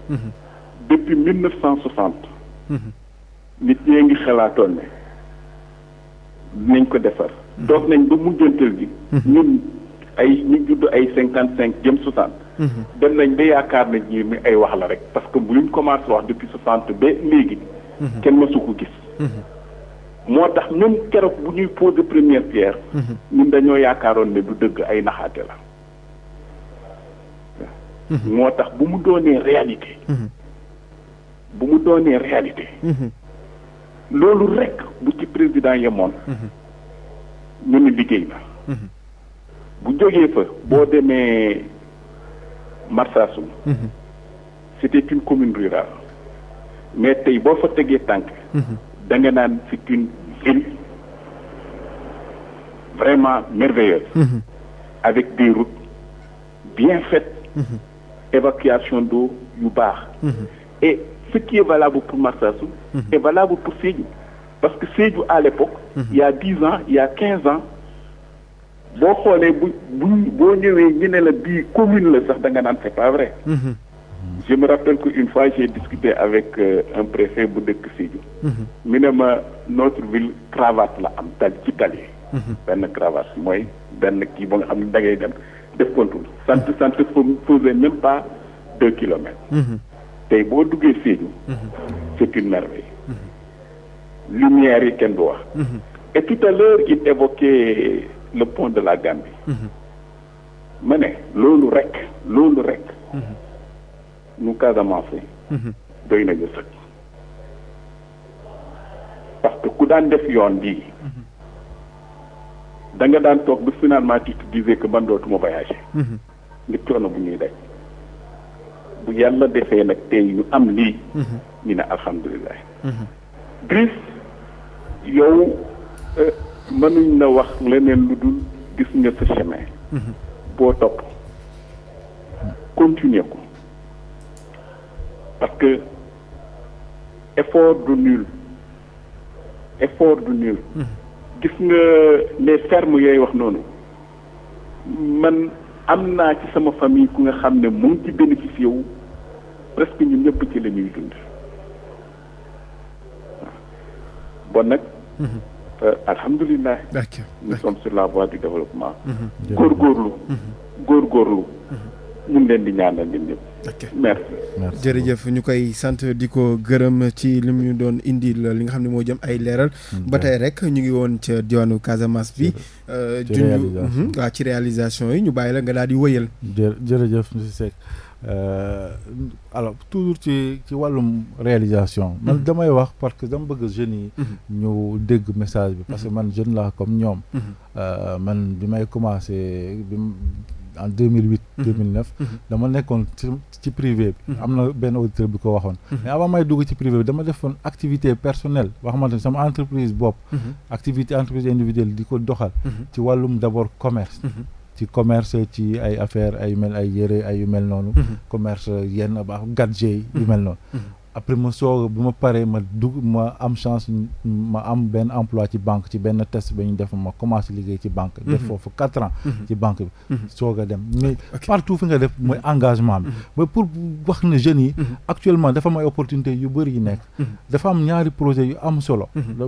depuis mille neuf cent soixante nit ñee ngi xalaatoon ne nañ ko defar toog nañ ba mujjantal gi ñun ay ñu judd ay cinquante cinq jëm soixante dem nañ ba yaakaar nañ ñi mi ay wax la rek parce que bu ñu commencé wax depuis soixante ba léegi kenn mësu ko gis moo tax même keroog bu ñuy posé première pierre ñun dañoo yaakaaroon ne du dëgg ay naxaate la moo tax bu mu doonee réalité bu mu doonee réalité. Mhm. loolu rekk bu ci président yemoon. Mhm. ñu ni liggéey na. Mhm. bu jógee fa boo demee Marsassoum. c'était une commune rurale. mais tey boo fa tegee tànk. da nga naan c'est une ville vraiment merveilleuse. avec des routes bien faites. évacuation d'eau yu baax. et ce qui est valable pour Marsassoum mhm. est valable pour Sédhiou parce que Sédhiou à l'époque mhm. il y a dix ans il y quinze ans boo xoolee bu bu boo ñëwee ñu la bi commune la sax da nga naan c'est pas vrai mhm. je me rappelle qu'une fois j'ai discuté avec euh, un préfet bu dëkk Sédhiou mi ne notre ville cravate la am tal ci tali benn cravate moy benn kii ba nga xam ne da ngay dem def contour ça ne te ça ne te tey boo duggee Sédhiou. Mhm. c'est une mhm. lumière yi kenn du wax. Mhm. et tout à l'heure le pont de la Gambie. ma ne loolu rek loolu rek. nu Casamance. doy nañu sëkk. parce que ku daan def yoon bii. danga daan toog ba finalement tu te disais que man dootuma ngir coono bu ñuy daj. bu yàlla defee nag tey ñu am lii mhm. ñu ne alhamdulilah Driss mhm. yow euh, mënuñ na wax leneen lu dul gis nga sa chemin mhm. boo topp continuer ko parce que effort du nul effort du nul gis nga les termes yooyu wax noonu man am naa ci sama famille ku nga xam ne mu ci bénéficié presque ñun ñëpp ci la ñuy dund bon nag. Mhm. Euh, alhamdulilah. d'accord nous sommes sur la voie du mhm. mhm. ñu ngi leen di ñaanal ñun ñëpp. jërëjëf ñu koy sant di ko gërëm ci lim ñu doon indi li nga xam ne moo jëm ay leeral. ba tey rek ñu ngi woon ca diwaanu Casamance bi. Euh, ci réalisation ci réalisation yi ñu bàyyi la nga daal di wëyal. jërëjëf monsieur Euh, alors toujours ci ci wàllum réalisation. man mhm. damay wax parce que dama bëgg jeunes yi. Mhm. ñu dégg message bi. parce que mhm. man jeune la comme ñoom. Euh, man bi may commencé bi en 2008. 2009 dama nekkoon ci ci privé bi. am na benn auditeur bi ko waxoon. mais avant may dugg ci privé bi dama defoon activité personnelle boo xamante ne sama entreprise bopp. activité entreprise individuelle di ko doxal. ci wàllum d' commerce. ci commerce ci ay affaires ay mel ay yére ay yu mel noonu mm-hmm. commerce yenn baax gadget yu mel noonu mm-hmm. après ma soog bi ma paree ma dugg ma am chance ma am benn emploi ci banque ci benn test ba ñu def ma commencé liggéey ci banque. Mhm. def foofu quatre ans. Mhm. ci banque bi. Mhm. soog dem mais partout fi nga def mooy engagement bi. mais pour wax ne jeunes yi. actuellement dafa am ay opportunités yu bëri yu nekk. dafa am ñaari projet yu am solo.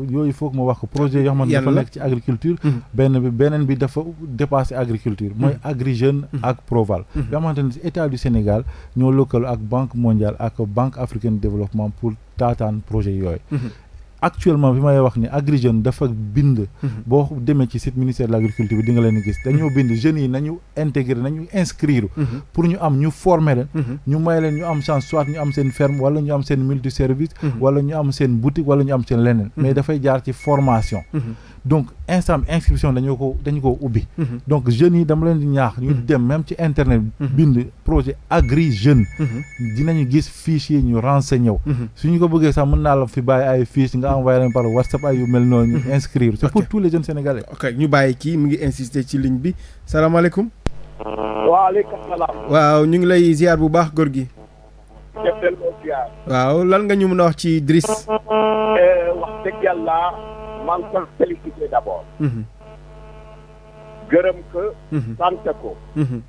yooyu foog ma wax ko projet yoo xamante dafa nekk ci agriculture. benn bi beneen bi dafa dépassé agriculture. mooy Agri Jeunes ak Proval. yoo xamante ne état du Sénégal ñoo lëkkaloo ak banque mondiale ak banque africaine de développement pour taataan projet yooyu mhm. actuellement bi may wax ni Agri Jeunes dafa bind mhm. boo demee ci site ministère de l'agriculture bi di leen gis dañoo bind jeunes yi nañu intégrer nañu inscrire mhm. pour ñu am ñu former ñu may ñu am chance soit ñu am seen ferme wala ñu am seen multiservice wala ñu am seen boutique wala ñu am seen leneen mais dafay jaar ci formation donc instant inscription dañoo ko dañu ko ubbi. Mm-hmm. donc jeunes yi dama leen di ñaax. ñu mm-hmm. dem même ci internet. Mm-hmm. bind projet agri jeune. dinañu gis fiche yi ñu renseigné wu. su ñu ko bëggee sax mën naa la fi bàyyi ay fiche nga envoyé leen par WhatsApp ay yu mel noonu. ñu inscrire c'est pour tous les jeunes sénégalais. ok ñu bàyyi kii mu ngi insister ci ligne bi salaamaaleykum. waaleykum waaw ñu ngi lay ziar bu baax góor gi. waaw lan nga ñu mën a wax ci Idriss. Eh, wax dëgg yàlla. maa ngi koy félicité d' abord. gërëm ko. Mhm. sant ko. Mhm.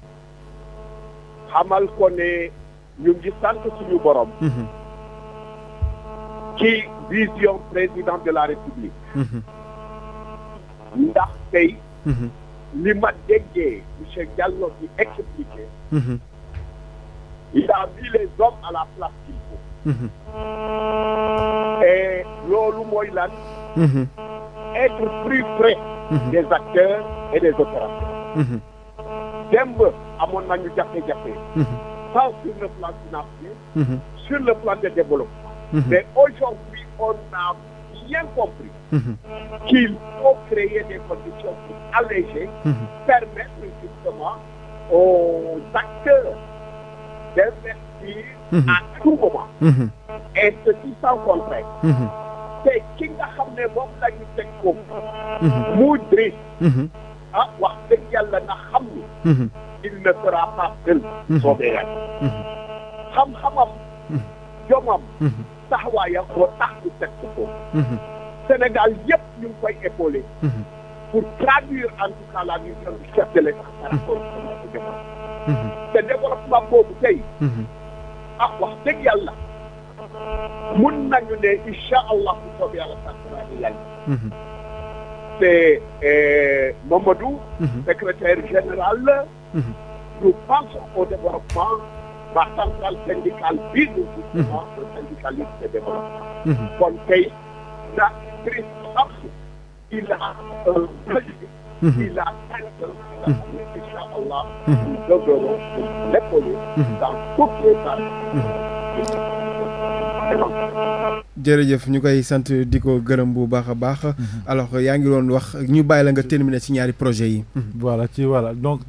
xamal ñu ngi sant suñu borom. Mhm. ci vision président de la république. ndax tey. li ma déggee monsieur Diallo di expliqué. il a mis les hommes à la place qu'il faut. et loolu mooy lan. Mmh. être plus près mmh. des acteurs et des opérateurs mm-hmm. démb amoon nañu jafe mm-hmm. sur le plan financier mm-hmm. sur le plan de développement mais aujourd'hui on a bien compris qu'il faut créer des conditions pour alléger permettre justement aux acteurs d'investir à tout moment et ceci sans contrainte te ki nga xam ne moom la ñu teg ko. Mhm. muy Driss. Mhm. ah wax dëgg yàlla na xam ni. Mhm. il ne sera pas seul. soobee xam-xamam. jomam. taxawaayam moo tax teg ko. Sénégal yëpp ñu ngi koy épaulé. pour traduire en tout cas la vision du chef de l'État par rapport ak boobu tey. ah wax dëgg yàlla. mun nañu ne incha allah bu soob yàlla sàkk ni yàlla mhm. te eh, Mamadou mhm. général la mhm. nous au développement ba centrale syndicale bii ñu justement le de développement kon tey la il a un projet il a un incha allah nous devrons l'épauler dans toutes les jërëjëf ñu koy sant di ko gërëm bu baax a baax. Mhm. alors yaa ngi doon wax ñu bàyyi la nga terminer ci ñaari projet yi. Mhm. voilà ci voilà donc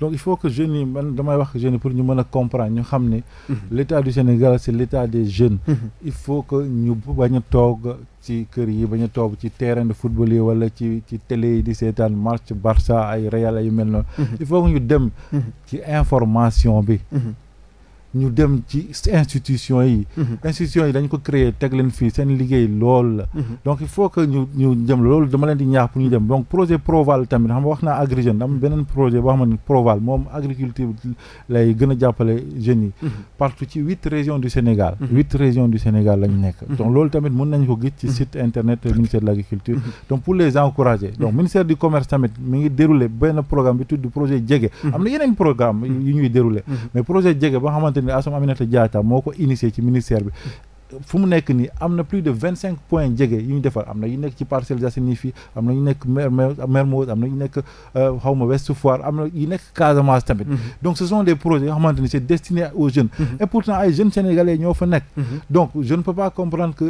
donc il faut que jeunes yi man damay wax jeune yi pour ñu mën a comprendre ñu xam ni mhm. létat état du Sénégal c' est des jeunes. il faut que ñu bañ a toog ci kër yi bañ a toog ci terrain de football yi wala ci ci télé yi di seetaan match Barça ay Real ay mel noonu. il faut que ñu dem. ci information bi. ñu dem ci institution yi mhm. institution yi dañ ko créer teg leen fii seen liggéey lool la mhm. donc il faut que ñu ñu loolu dama leen di ñaax pour ñu dem donc projet Proval tamit xam nga wax naa Agri Jeunes am beneen projet boo xam ne Proval moom agriculture lay gën a jàppale jeunes yi mhm. partout ci huit régions du Sénégal huit régions du Sénégal la ñu nekk donc loolu tamit mën nañ ko gis ci site internet ministère de l'agriculture donc pour les encourager donc ngi déroulé benn programme bi tudd projet ne Assome Aminata jaata moo ko initié ci ministère bi fu mu nekk nii am na plus de vingt cinq points jege yu ñu defar am na yu nekk ci Parcelles Assainies fii am na yu nekk Mermoz am na yu nekk euh, xaw ma Ouest Foire am na yu nekk Casamance tamit. Mm-hmm. donc ce sont des projets yoo xamante ni c' est destiné aux jeunes. Mm-hmm. et pourtant ay jeunes sénégalais ñoo fa nekk. Mm-hmm. donc je ne peux pas comprendre que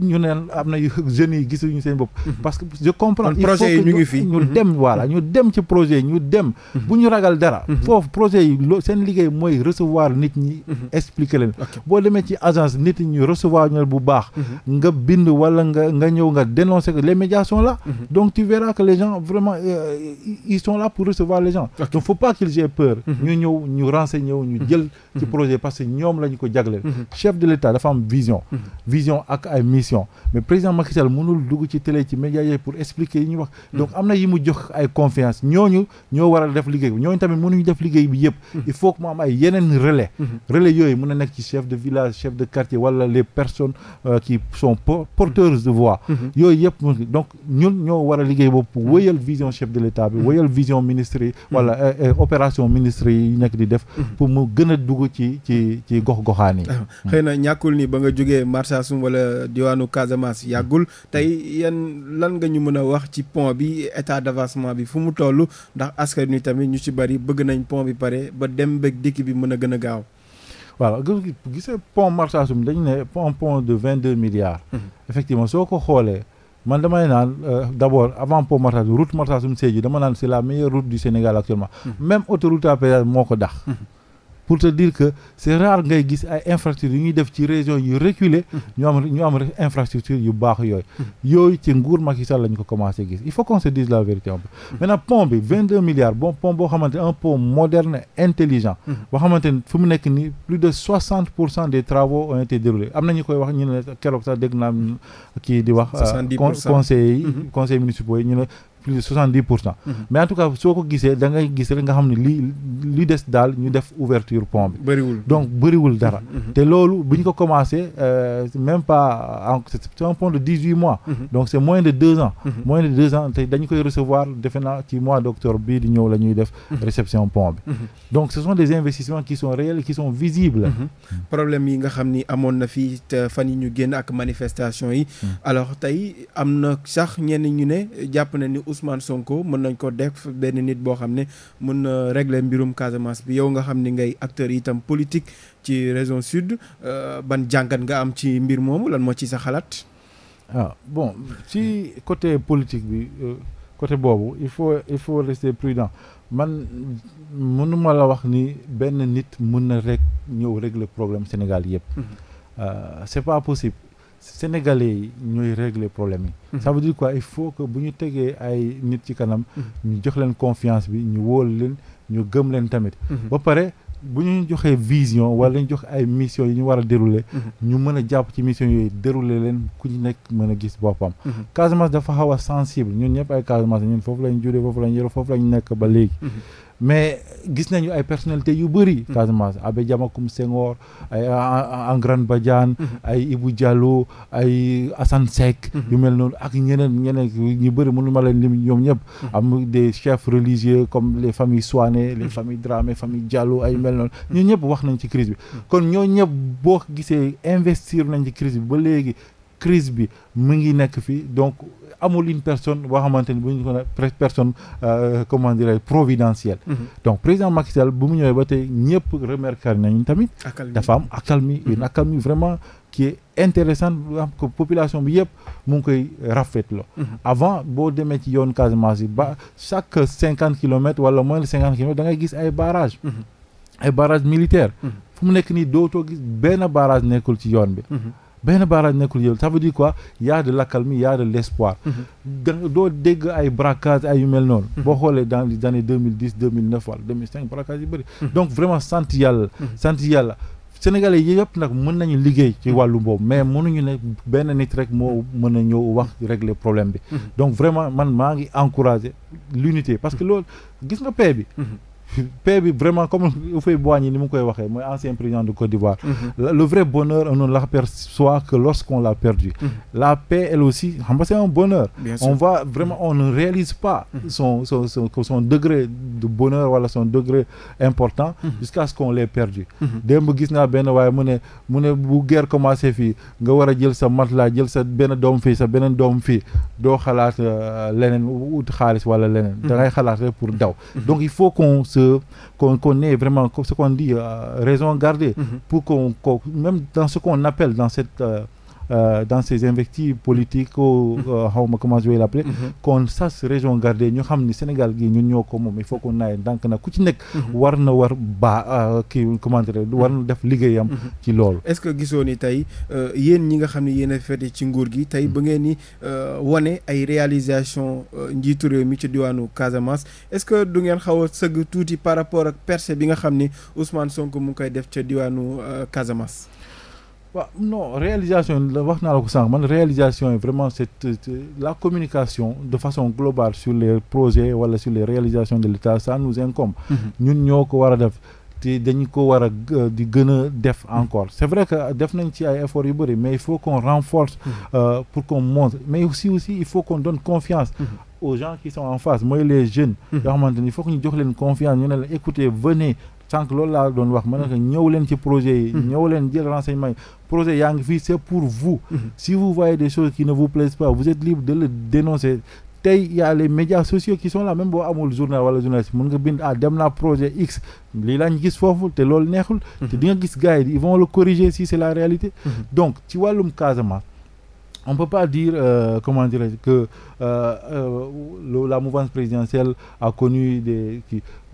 ñu ne am na jeunes yi gisuñu seen bopp. parce que je comprends. il faut ñu ngi fi ñu dem voilà ñu dem ci projet ñu dem. bu ñu ragal dara. foofu projet yi loo seen liggéey mooy recevoir nit ñi. expliquer leen boo demee recevoir ñu bu baax. Mhm. nga bind wala nga nga ñëw nga dénoncer que les médias mhm. euh, sont là. Mhm. ñoom la ñu ko jagleel. chef de l'État dafa am vision. vision ak ay mission mais président Macky Sall mënul dugg ci télé ci médias yi pour expliquer yi ñu wax. donc am na yi mu jox ay a def liggéey bi ñooñu il faut que am ay yeneen relais. relais yooyu mën na nekk ci chef de village chef de quartier wala. wala les personnes euh, qui sont porteuses de voix mhm. Mhm. yooyu yëpp donc ñun ñoo war a liggéey boobu pour wéyal vision chef de l'État bi mhm. wéyal vision ministre yi wala euh, euh, opération ministre yi nekk di def pour mu gën a dugg ci ci ci gox goxaan yi ah, xëy na ñàkkul ni ba nga jógee Marsassoum wala diwaanu Casamance yàggul tey yan lan nga ñu mën a wax ci pont bi état d'avancement bi fu mu toll ndax askan wi tamit ñu ci bari bëgg nañ pont bi pare ba dem beeg dikk bi mën a gën a gaaw voilà gisee pont Marsassoum dañu ne un pont de vingt deux milliards. Mhm. effectivement soo ko xoolee man damay naan euh, d' abord avant pont Marsassoum route Marsassoum Sédhiou dama naan si la meilleure route du Sénégal actuellement. Mhm. même autoroute à péage moo ko dax. Mhm. pour te dire que c'est rare ngay gis ay infrastructures yu ñuy def ci région yu reculé mm-hmm. ñu am ñu am infrastructure yu baax yooyu mm-hmm. yooyu ci nguur Macky Sall lañ ko commencé gis il faut qu'on se dise la vérité un peu mm-hmm. maintenant pont bi vingt deux milliards bon pont boo xamante un pont moderne intelligent boo xamante ne fu mu nekk nii plus de soixante pour cent des travaux ont été déroulés am na ñu koy wax ñu ne keroog sax dégg naa kii di wax euh, conseillers yi conseillers municipaux yi ñu ne plus de soixante dix pour cent. Mhm. mais en tout cas soo ko gisee da ngay gis rek nga xam ne li li des daal ñu def ouverture pont bëriwul donc bëriwul dara. Mhm. Mhm. te loolu bi ñu ko commencé euh, même pas en c' est de dix huit mois. donc c' est moins de deux ans. moins de deux ans te dañu koy recevoir defe naa ci mois d' octobre bii di ñëw la donc ce sont des investissements qui sont réels qui sont visibles. Mm. problème yi nga xam ni amoon na fii fan yi ñu génn ak manifestation yi. Mm. alors tey am na sax ñenn ñu ne jàpp na ni Ousmane Sonko mën nañ ko def benn nit boo xam ne mën na régler mbirum Casamance bi yow nga xam ni ngay acteur itam politique ci région sud euh, ban jàngat nga am ci mbir moomu lan moo ci sa xalaat. ah bon ci côté politique bi euh, côté boobu il faut il faut rester prudent man mënuma la wax ni benn nit mën na rek ñëw régler problème Sénégal yëpp. Mm-hmm. Euh, c'est pas possible. sénégalais yi ñooy régler problème yi mhm. ça veut dire quoi il faut que bu ñu tegee ay nit ci kanam mhm. ñu jox leen confiance bi ñu wóol leen ñu gëm leen tamit mhm. ba pare bu ñu joxee vision wala ñu jox ay mission yi ñu war a dérouler ñu mën a jàpp ci mission yooyu dérouler leen ku ñu nekk mën a gis boppam Casamance dafa xaw a sensible ñun ñëpp ay Casamance ñun foofu lañ judee foofu lañ yore foofu lañ nekk ba léegi mais gis nañu ay personnalité yu bëri hmm. Casamance Abbé Diamacoune Senghor ay Angrane Badiane hmm. ay ibu Diallo ay Assane Seck hmm. yu mel noonu ak ñeneen ñeneen ñu bëri mënu ma leen lim ñoom ñëpp am des chefs religieux comme les familles Soané les familles Dramé famille Diallo ay mel noonu ñoo ñëpp wax nañ ci crise bi kon ñoo ñëpp boo gisee investir nañ ci crise bi ba léegi crise bi mu ngi nekk fii donc amul une personne boo xamante ni bu ñu ko personne euh, comment dirais providentielle mm-hmm. donc président Macky bu mu ñëwee ba tey ñëpp remercier nañu tamit dafa am accalmie une mm-hmm. accalmie vraiment qui est am ko population bi yëpp mu ngi koy rafetlu mm-hmm. avant boo demee ci yoon Casamance yi ba chaque cinquante kilomètres wala moins de cinquante da ngay gis ay barrage ay barrage militaire fu mu nekk nii dootoo gis benn barrage nekkul ci yoon bi benn barrage nekkul yëpp ça veut dire quoi y a de l'accalmie l'espoir mhm. doo dégg ay braquage ay yu mel noonu mhm. boo xoolee dans les années deux mille dix deux mille neuf wala deux yi bëri mhm. donc vraiment sant yàlla sant yàlla Sénégalais yi mën nañu liggéey ci wàllu boobu mais mënuñu ne benn nit rek moo mën a ñëw wax régler problème bi donc vraiment man maa ngi encourager l'unité parce que loolu gis nga paix bi paix bi vraiment comme Houphouët Boigny ni mu koy waxee mooy ancien président de Côte d'Ivoire mm-hmm. le vrai bonheur on ne l'aperçoit que lorsqu'on l'a perdu mm-hmm. la paix elle aussi xam nga c'est un bonheur on va vraiment on ne réalise pas mm-hmm. son son son son degré de bonheur wala son degré important jusqu'à ce qu'on l'ait perdu démb gis naa benn waaye mu ne mu ne bu guerre commencé fii nga war a jël sa matelas jël sa benn doom fii sa beneen doom fii doo xalaat euh, leneen ut xaalis wala leneen da ngay xalaat rek pour que qu'on qu'on ait vraiment ce qu'on dit euh, raison gardée. Mhm. pour qu'on qu même dans ce qu'on appelle dans euh, euh, dans ces invectives politiques ou mhm. euh, xawma comment je vais l'appeler mhm. qu'on sache raison garder ñu xam ni Sénégal gi ñun ñoo ko moom il faut qu'on aille donc nag ku ci nekk mhm. war na war baa euh, kii comment dire war na def liggéeyam ci loolu est-ce que gisoo ni tey euh, yéen ñi nga xam ne yéen a fete ci nguur gi tey ba ngeen ni wane ay réalisation njiitu réew mi ci diwaanu Casamance est-ce que du ngeen xaw a sëgg tuuti par rapport ak percée bi nga xam ni Ousmane Sonko mu ngi koy def ca diwaanu Casamance waaw non réalisation la wax naa la ko sànq man réalisation yi vraiment c'est la communication de façon globale sur les projets wala sur les réalisations de l'État ça nous incombe mm-hmm. ñun ñoo ko war a def dañu ko war a euh, di gën a def encore c'est vrai que def nañ ci ay efforts yu bëri mais il faut qu'on renforce mm-hmm. euh, pour qu'on montre mais aussi aussi il faut qu'on donne confiance mm-hmm. aux gens qui sont en face mooy les jeunes yoo xamante ni il faut que ñu jox leen confiance ñu ne leen sànq loolu la doon wax ma ne ko mhm. ñëw leen ci projet yi mhm. ñëw leen jël renseignement projet yaa ngi fii c'est pour vous mhm. si vous voyez des choses qui ne vous plaisent pas vous êtes libre de le dénoncer tey y a les médias sociaux qui sont là même boo journal wala journaliste mën nga bind ah dem naa projet X lii laa ñu gis foofu te lool neexul te di nga gis gars yi ils vont le corriger si c'est la réalité donc ci wàllum Casamance on peut pas dire euh, comment dirais-je que euh, euh, la mouvance présidentielle a connu des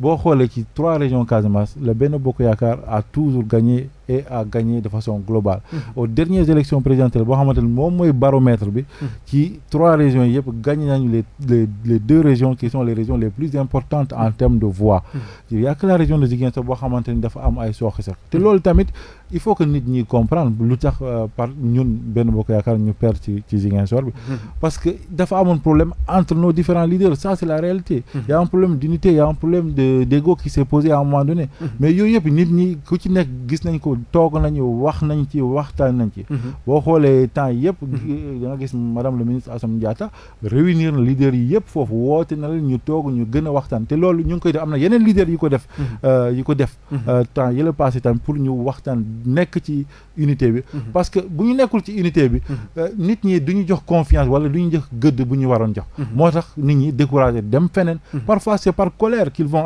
boo xoolee ci trois régions Casamance la Benno Bokk Yaakaar a toujours gagné et a gagné de façon globale mm-hmm. aux dernières élections présidentielles boo xamante ne moom mooy baromètre bi mm-hmm. ci trois régions yëpp gagné nañu les deux régions qui sont les régions les plus importantes en termes de voix mm-hmm. il y a que la région de Ziguinchor boo xamante dafa am ay sooxe sax te loolu tamit il faut que nit ñi comprendre lu tax euh, par ñun Benno Bokk Yaakaar ñu perdre ci ci a un problème d'unité il a un déggoo qui s'est posé à un moment donné. Mhm. mais yooyu yëpp nit ñi ku ci nekk gis nañ ko toog nañu wax nañ ci waxtaan nañ ci. Mhm. boo xoolee temps yëpp. Mhm. da nga gis madame le ministre Assome Diatta réunir na leader yi yëpp foofu woote na leen ñu toog ñu gën a waxtaan te loolu ñu ngi koy def am na yeneen leader yu ko def. Euh, yu ko def. Euh, temps yële passé tam pour ñu waxtaan nekk ci unité bi. parce que bu ñu nekkul ci unité bi. Euh, nit ñi du ñu jox confiance wala du ñu jox gëdd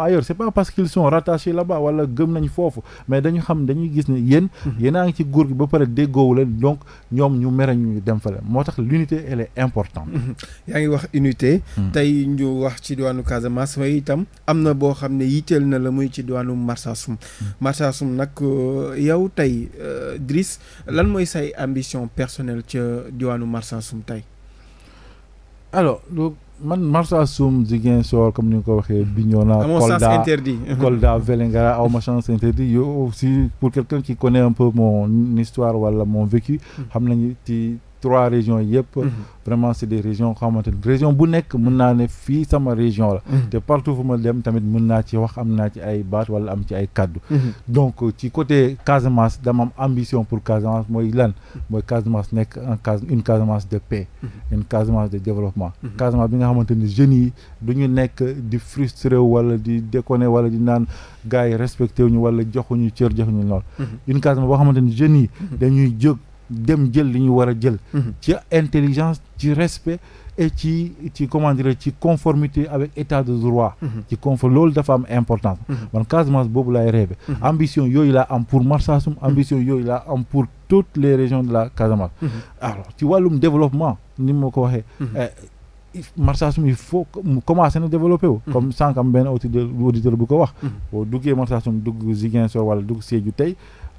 ailleurs c'est pas parce qu'ils sont rattachés là-bas wala gëm nañ foofu mais dañu xam dañuy gis ni yéen mhm. yéen a ngi ci nguur gi ba pare déggoowu leen donc ñoom ñu mere ñu dem fale moo tax l'unité elle important importante mhm. yaa ngi wax unité mhm. tey ñu wax ci diwaanu Casamance waaye itam am na boo xam ne yitteel na la muy ci diwaanu Marsassoum Marsassoum nag euh, yow tey euh, Driss lan mooy say ambition personnel ci diwaanu Marsassoum tey man Marsassoum Ziguinchor comme ni nga ko waxee mhm. Bignona Kolda interdit Kolda Vélingara aw ma chance interdit yo aussi pour quelqu'un qui connaît un peu mon histoire wala mon vécu mhm. xam nañu ci trois régions yëpp. Mhm. vraiment c' est des région bu nekk mën naa ne fii sama région la. Mhm. te partout fu ma dem tamit mën naa ci wax am naa ci ay baat wala am ci ay kaddu. Mhm. donc euh, ci côté Casamance dama am ambition pour Casamance mooy lan mooy Casamance nekk un cas une Casamance de paix. une Casamance de développement. Casamance bi nga xamante ni jeunes yi du ñu nekk di frustré wala di déconné wala di naan gars yi respecté wu ñu wala joxuñu cër joxuñu lool. une Casamance boo dem jël li ñu war a jël mhm. ci intelligence ci respe et ci ci comment ci conformité avec état de droit mhm. ci conform loolu dafa am importance mhm. man Casamance boobu laay rêvé ambition yooyu laa am pour Marsassoum ambition yooyu laa am pour toutes le région de la Casamance alors ci wàllum développement ni ma ko waxee eh, Marsassoum il faut mu commencé na développé wu comme sànq benn auditeur auditeur bu ko wax boo duggee Marsassoum dugg Ziguinchor wala dugg Sédhiou tey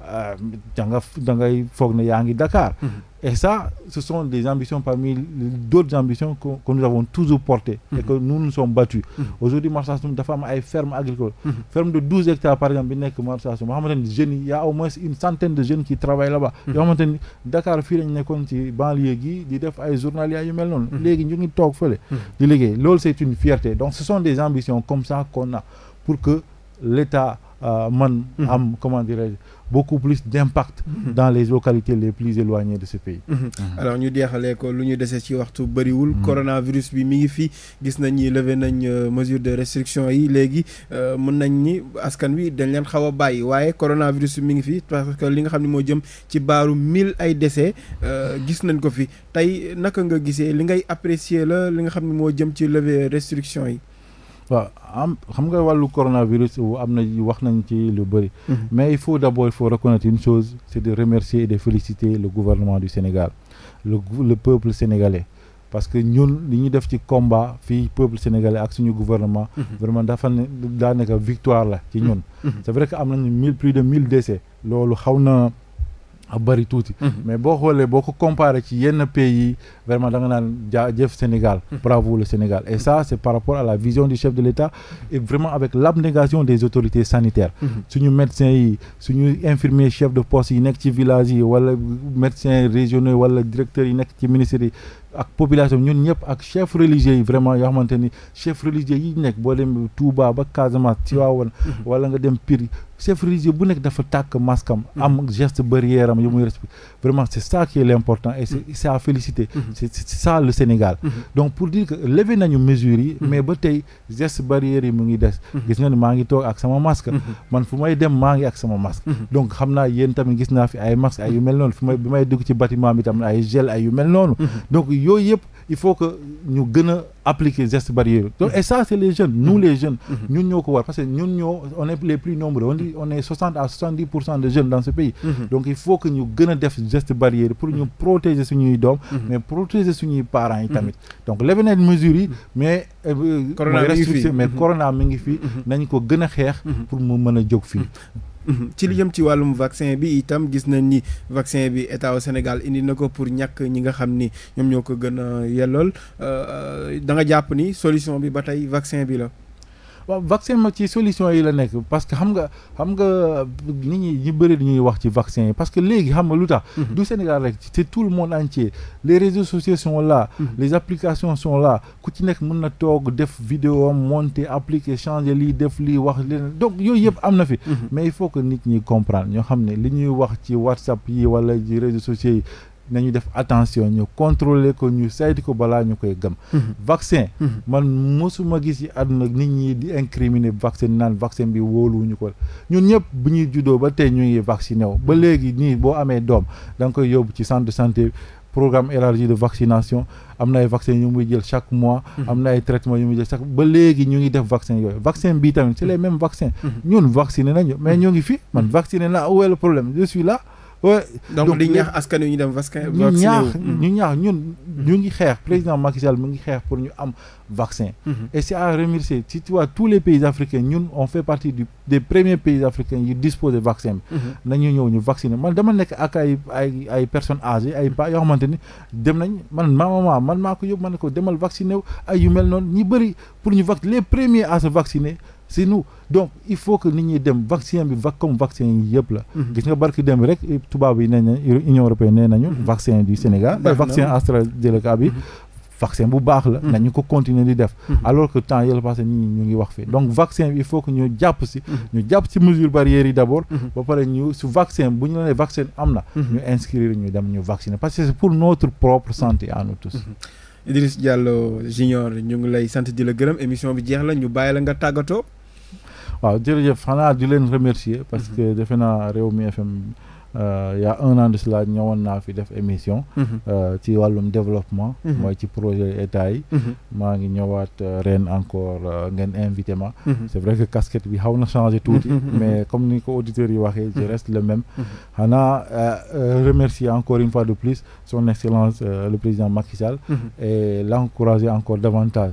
Euh, danga dangay foog ne yaa ngi dakaar mhm. et sa ce sont des ambitions parmi d'autres ambitions que, que nous avons toujours portées. et mhm. que nous nous sommes battus. Mhm. aujourd'hui Marsassoum dafa am ay fermes agricoles. ferme de douze hectares par exemple bi nekk Marsassoum nga xamante ni jeunes yi y a au moins une centaine de jeunes qui travaillent là-bas. yoo xamante ni Dakar fii lañ nekkoon ci banlieue gi di def ay journaliers yu mel noonu. léegi ñu ngi toog fële. di liggéey loolu c'est une fierté donc ce sont des ambitions comme ça a pour que l'État euh, man. am comment dirais beaucoup plus d'impact mm -hmm. dans les localités les plus éloignées de ce pays mm ñu jeexalee ko lu ñu desee ci waxtu bëriwul mhm. coronavirus bi mi ngi fi gis nañ ni levé nañ euh, mesure de restriction yi léegi euh, mën nañ ni askan wi dañ leen xaw a bàyyi waaye coronavirus bi mi ngi fi parce que li nga xam ne moo jëm ci baaru mille ay décès euh, gis nañ ko fi tey naka nga gisee li ngay apprécier la li nga xam ne moo jëm ci levé restriction yi waaw am xam nga wàllu coronavirus am na wax nañ ci lu bëri. Mhm. mais il faut d'abord il faut reconnaître une chose c'est de remercier et de féliciter le gouvernement du Sénégal le le peuple sénégalais. parce que ñun li ñu def ci combat fii peuple sénégalais ak suñu gouvernement. Mhm. vraiment dafa ne daanaka victoire la ci ñun. Mhm. c'est vrai que am nañu mille plus de mille décès loolu xaw na. a bëri tuuti. Mhm. mais boo xoolee boo ko comparé ci yenn pays yi vraiment da nga naan jaajëf Sénégal. Mhm. bravo le Sénégal et ça c' par rapport à la vision du chef de l' État et vraiment avec l' des autorités sanitaires. Mhm. suñu médecins yi suñu infirmiers chefs de poste yi nekk ci village yi wala médecins régionaux wala directeur yi nekk ci ministères yi. ak population ñun ñëpp ak chef religieux yi vraiment yoo xamante ni chef religieux yi nekk boo dem Touba ba Casamance Tivaouane mhm. Mhm. wala nga dem Pire chef religieux bu nekk dafa tàkk masque am mhm. am geste barrière am yu muy vraiment c'est ça qui est l'important et c'est à féliciter c'est ça le Sénégal donc pour dire que levé nañu mesures yi mais ba tey geste barrière yi mu ngi des gis nga ni maa ngi toog ak sama masque man fu may dem maa ngi ak sama masque naa yéen tamit gis naa fi ay masque ay yu mel noonu fu may bi yooyu yëpp il faut que ñu gën a appliquer gestes barrières et ça c'est les jeunes nous les jeunes mhm. ñun ñoo ko war parce que ñun ñoo on est les plus nombreux on dit on est soixante à soixante-dix pour cent de jeunes dans ce pays mhm. donc il faut que ñu gën def gestes barrières pour ñu mhm. protéger suñuy doom mais protéger suñuy parents yi tamit donc levenet mesures yi mais euh, corona mi ngi fi mais corona mi ngi fi nañ ko gën a xeex pour mu mën a jóg fii Mhm. ci li jëm ci wàllum vaccin bi itam gis na ni vaccin bi état au Sénégal indi na ko pour ñàkk ñi nga xam ni ñoom ñoo ko gën a yellool euh, euh, da nga jàpp ni solution bi ba tey vaccin bi la. waaw vaccin ma ci solution yi la nekk parce que xam nga xam nga nit ñi ñi bëri ñuy wax ci vaccin yi parce que léegi xam nga lu tax mhm. du Sénégal rek c'est tout le monde entier les réseaux sociaux sont là mhm. les applications sont là ku ci nekk mun na toog def vidéo am monter appliquer changer lii def lii wax leen donc yooyu yëpp am na fi mhm. mais il faut que nit ñi comprendre ñoo xam ne li ñuy wax ci WhatsApp yi wala ji réseaux sociaux yi nañu def attention ñu contrôler ko ñu saytu ko balaa ñu koy gëm. Mhm. vaccin. Mhm. man mosuma gis yi àdduna nit ñi di incriminer vaccin naan vaccin bi wóoluwuñu ko ñun ñëpp bu ñuy juddoo ba tey ñu ngi vacciné wu ba léegi nii boo amee doom da koy yóbbu ci centre de santé. programme élargi de vaccination na ay vaccin yu muy jël chaque mois mhm. am na ay traitement yu muy jël chaque léegi ñu ngi def vaccin yooyu vaccin bii tamit c'est les mêmes vaccins ñun vacciné nañu mais ñoo ngi fi man vacciné naa où est le problème je suis donc di ñaax askan wi ñu dem vaccin ñu ñaax ñu mm. ñaax ñun mm. ñu ngi xeex président Macky Sall mu ngi xeex pour ñu am vaccin mm-hmm. et c'est à remercier si tu vois tous les pays africains ñun on fait partie du des premiers pays africains yu dispose de vaccin bi mm-hmm. nañu ñëw ñu vacciner man dama nekk ak ay ay personnes âgées ay pas yoo xamante ni dem nañ man ma maman man maa ko yóbbu man ne ko demal vacciner ay yu mel noonu ñi bëri pour ñu vacciner les premiers à se vacciner si nous donc il faut que nit ñi dem vaccin bi va comme vaccin yëpp la. Mhm. gis nga barki dem rek tubaab yi nee nañu Union européenne nee nañu. Mhm. vaccin du Sénégal. vaccin AstraZeneca bi. Mhm. vaccin bu baax la. nañu ko continuer di def. alors que temps yële passé nit ñi ñu ngi wax fii donc vaccin bi il faut que ñu jàpp si. ñu jàpp si mesure barrières yi d' abord. ba ñu su vaccin bu am na. ñu inscrire ñu dem ñu vacciner parce que c' pour notre propre santé à nous tous. Idriss Diallo Junior ñu ngi lay sant di la gërëm émission bi jeex la ñu bàyyi la nga tàggatoo. waaw jërëjëf xanaa di leen remercier parce mhm. que defe naa Rewmi FM il euh, a un an de cela ñëwoon naa fi def émission. Mhm. Euh, ci wàllum développement. Mhm. mooy ci projet état yi. Mhm. maa ngi ñëwaat euh, ren encore ngeen invité c'est vrai que casquette bi xaw na changé tuuti. mais comme ni ko auditeurs yi waxee. je reste le même. xanaa remercier encore une fois de plus son excellence le président Macky Sall. et l'encourager encore davantage.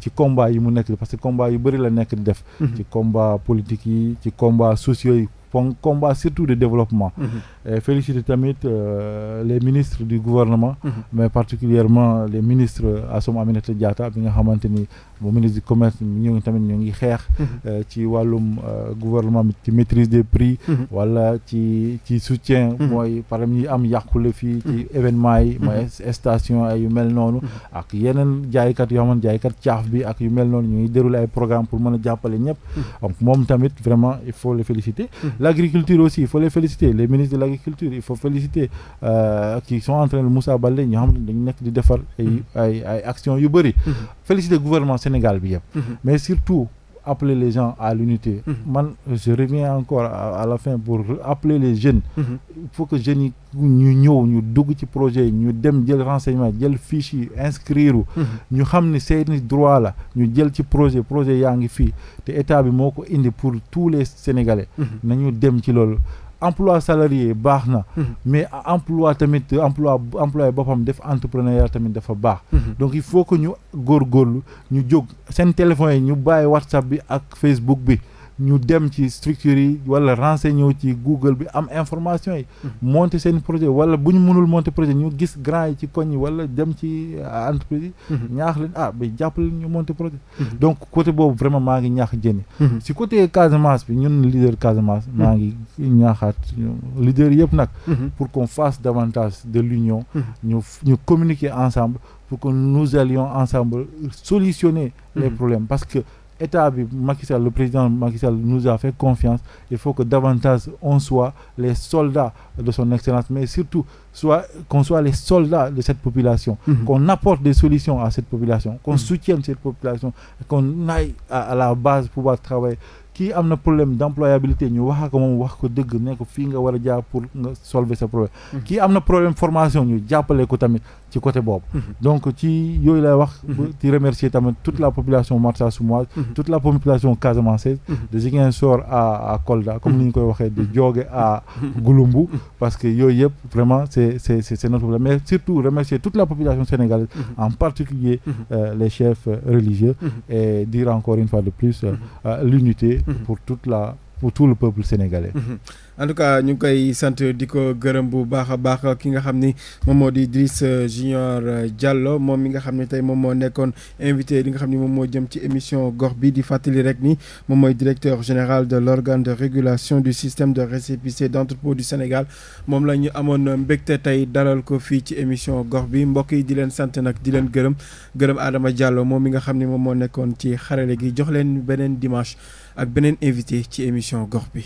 ci combat yi mu nekk parce que combat yu bëri la nekk di def. ci combat politique yi ci combat sociaux yi. fonk combat surtout de développement mhm. et féliciter tamit euh, les ministres du gouvernement mhm. mais particulièrement les ministres Assome Aminata jaata bi nga xamante ni bu ministre du commerce ñu ngi tamit ñu ngi xeex mhm. euh, ci wàllum euh, gouvernement ci maîtrise des prix wala ci ci soutien mooy par mu ñi am yàqule fii ci événement yi mooy station ay yu mel noonu ak yeneen jaaykat yoo xamante jaaykat caaf bi ak yu mel noonu ñu ngi déroulé ay programme pour mën a jàppale ñëpp moom tamit vraiment il faut le féliciter L'agriculture aussi, il faut les féliciter. Les ministres de l'agriculture, il faut féliciter euh, qui sont en train de ñoo xam ne nekk di defar ay mhm. ay ay yu bëri. Mhm. féliciter gouvernement Sénégal bi yëpp. Mhm. mais surtout. appeler les gens à l'unité mhm. man je reviens encore à, à la fin pour appeler les jeunes mhm. il faut que jeunes yi ñu ñëw ñu dugg ci projet ñu dem jël renseignement jël fiche yi inscrire mhm. ñu xam ni seeni droit la ñu jël ci projet projet yaa ngi fii te état bi moo ko indi pour tous les sénégalais nañu dem ci loolu emploi salarié baax na. Mhm. mais emploi tamit emploi employé boppam def entrepreneuriat tamit dafa baax. Mhm. donc il faut que ñu góor góorlu ñu jóg seen téléphone yi ñu bàyyi WhatsApp bi ak Facebook bi. ñu dem ci structures yi wala renseigné wu ci Google bi am information yi. Mm-hmm. monter seen projet wala bu ñu mënul monter projet ñu gis grand yi ci koñ yi wala dem ci euh, entreprise yi. Mm-hmm. ñaax leen ah ba jàppale ñu monter projet. Mm-hmm. donc côté boobu vraiment maa ngi ñaax jënd. si côté Casamance bi ñun leader Casamance. maa ngi ñaaxaat leader yëpp nag. pour qu'on fasse davantage de l'union. ñu ñu ensemble pour que nous allions ensemble solutionner les problèmes état bi Macky Sall le président Macky Sall nous a fait confiance il faut que davantage on soit les soldats de son excellence mais surtout soit qu'on soit les soldats de cette population mm -hmm. qu'on apporte des solutions à cette population qu'on mm -hmm. soutienne cette population qu'on aille à, la base pour pouvoir travailler kii am na problème d'employabilité ñu wax ko moom wax ko dëgg ne ko fii nga war a jaar pour nga solver ce problème kii mhm. am na problème formation ñu jàppale ko tamit ci côté boobu mm-hmm. donc ci yooyu lay wax ci mm-hmm. remercier tamit toute la population marsasoumoise mm-hmm. toute la population casamançaise de Ziguinchor à à Kolda comme ni ñu koy waxee de Diogué à Goulombou parce que yooyu yëpp vraiment c'est c'est c'est notre problème mais surtout remercier toute la population sénégalaise en particulier euh, les chefs euh, religieux et dire encore une fois de plus euh, euh l'unité pour toute la pour tout le peuple sénégalais. Mhm. en tout cas ñu ngi koy sant di ko gërëm bu baax a baax ki nga xam ni moom moo di Idriss Junior Diallo moom mi nga xam ne tey moom moo nekkoon invité li nga xam ni moom moo jëm ci émission gox bi di fàttali rek ni moom mooy directeur général de l'organe de régulation du système de récépissé d'entrepôt du Sénégal moom la ñu amoon mbégte tey dalal ko fii ci émission gox bi mbokk yi di leen sant nag di leen gërëm gërëm Adama jàllo moom mi nga xam ni moom moo nekkoon ci xarale gi jox leen beneen dimanche. ak beneen invité ci émission gox bi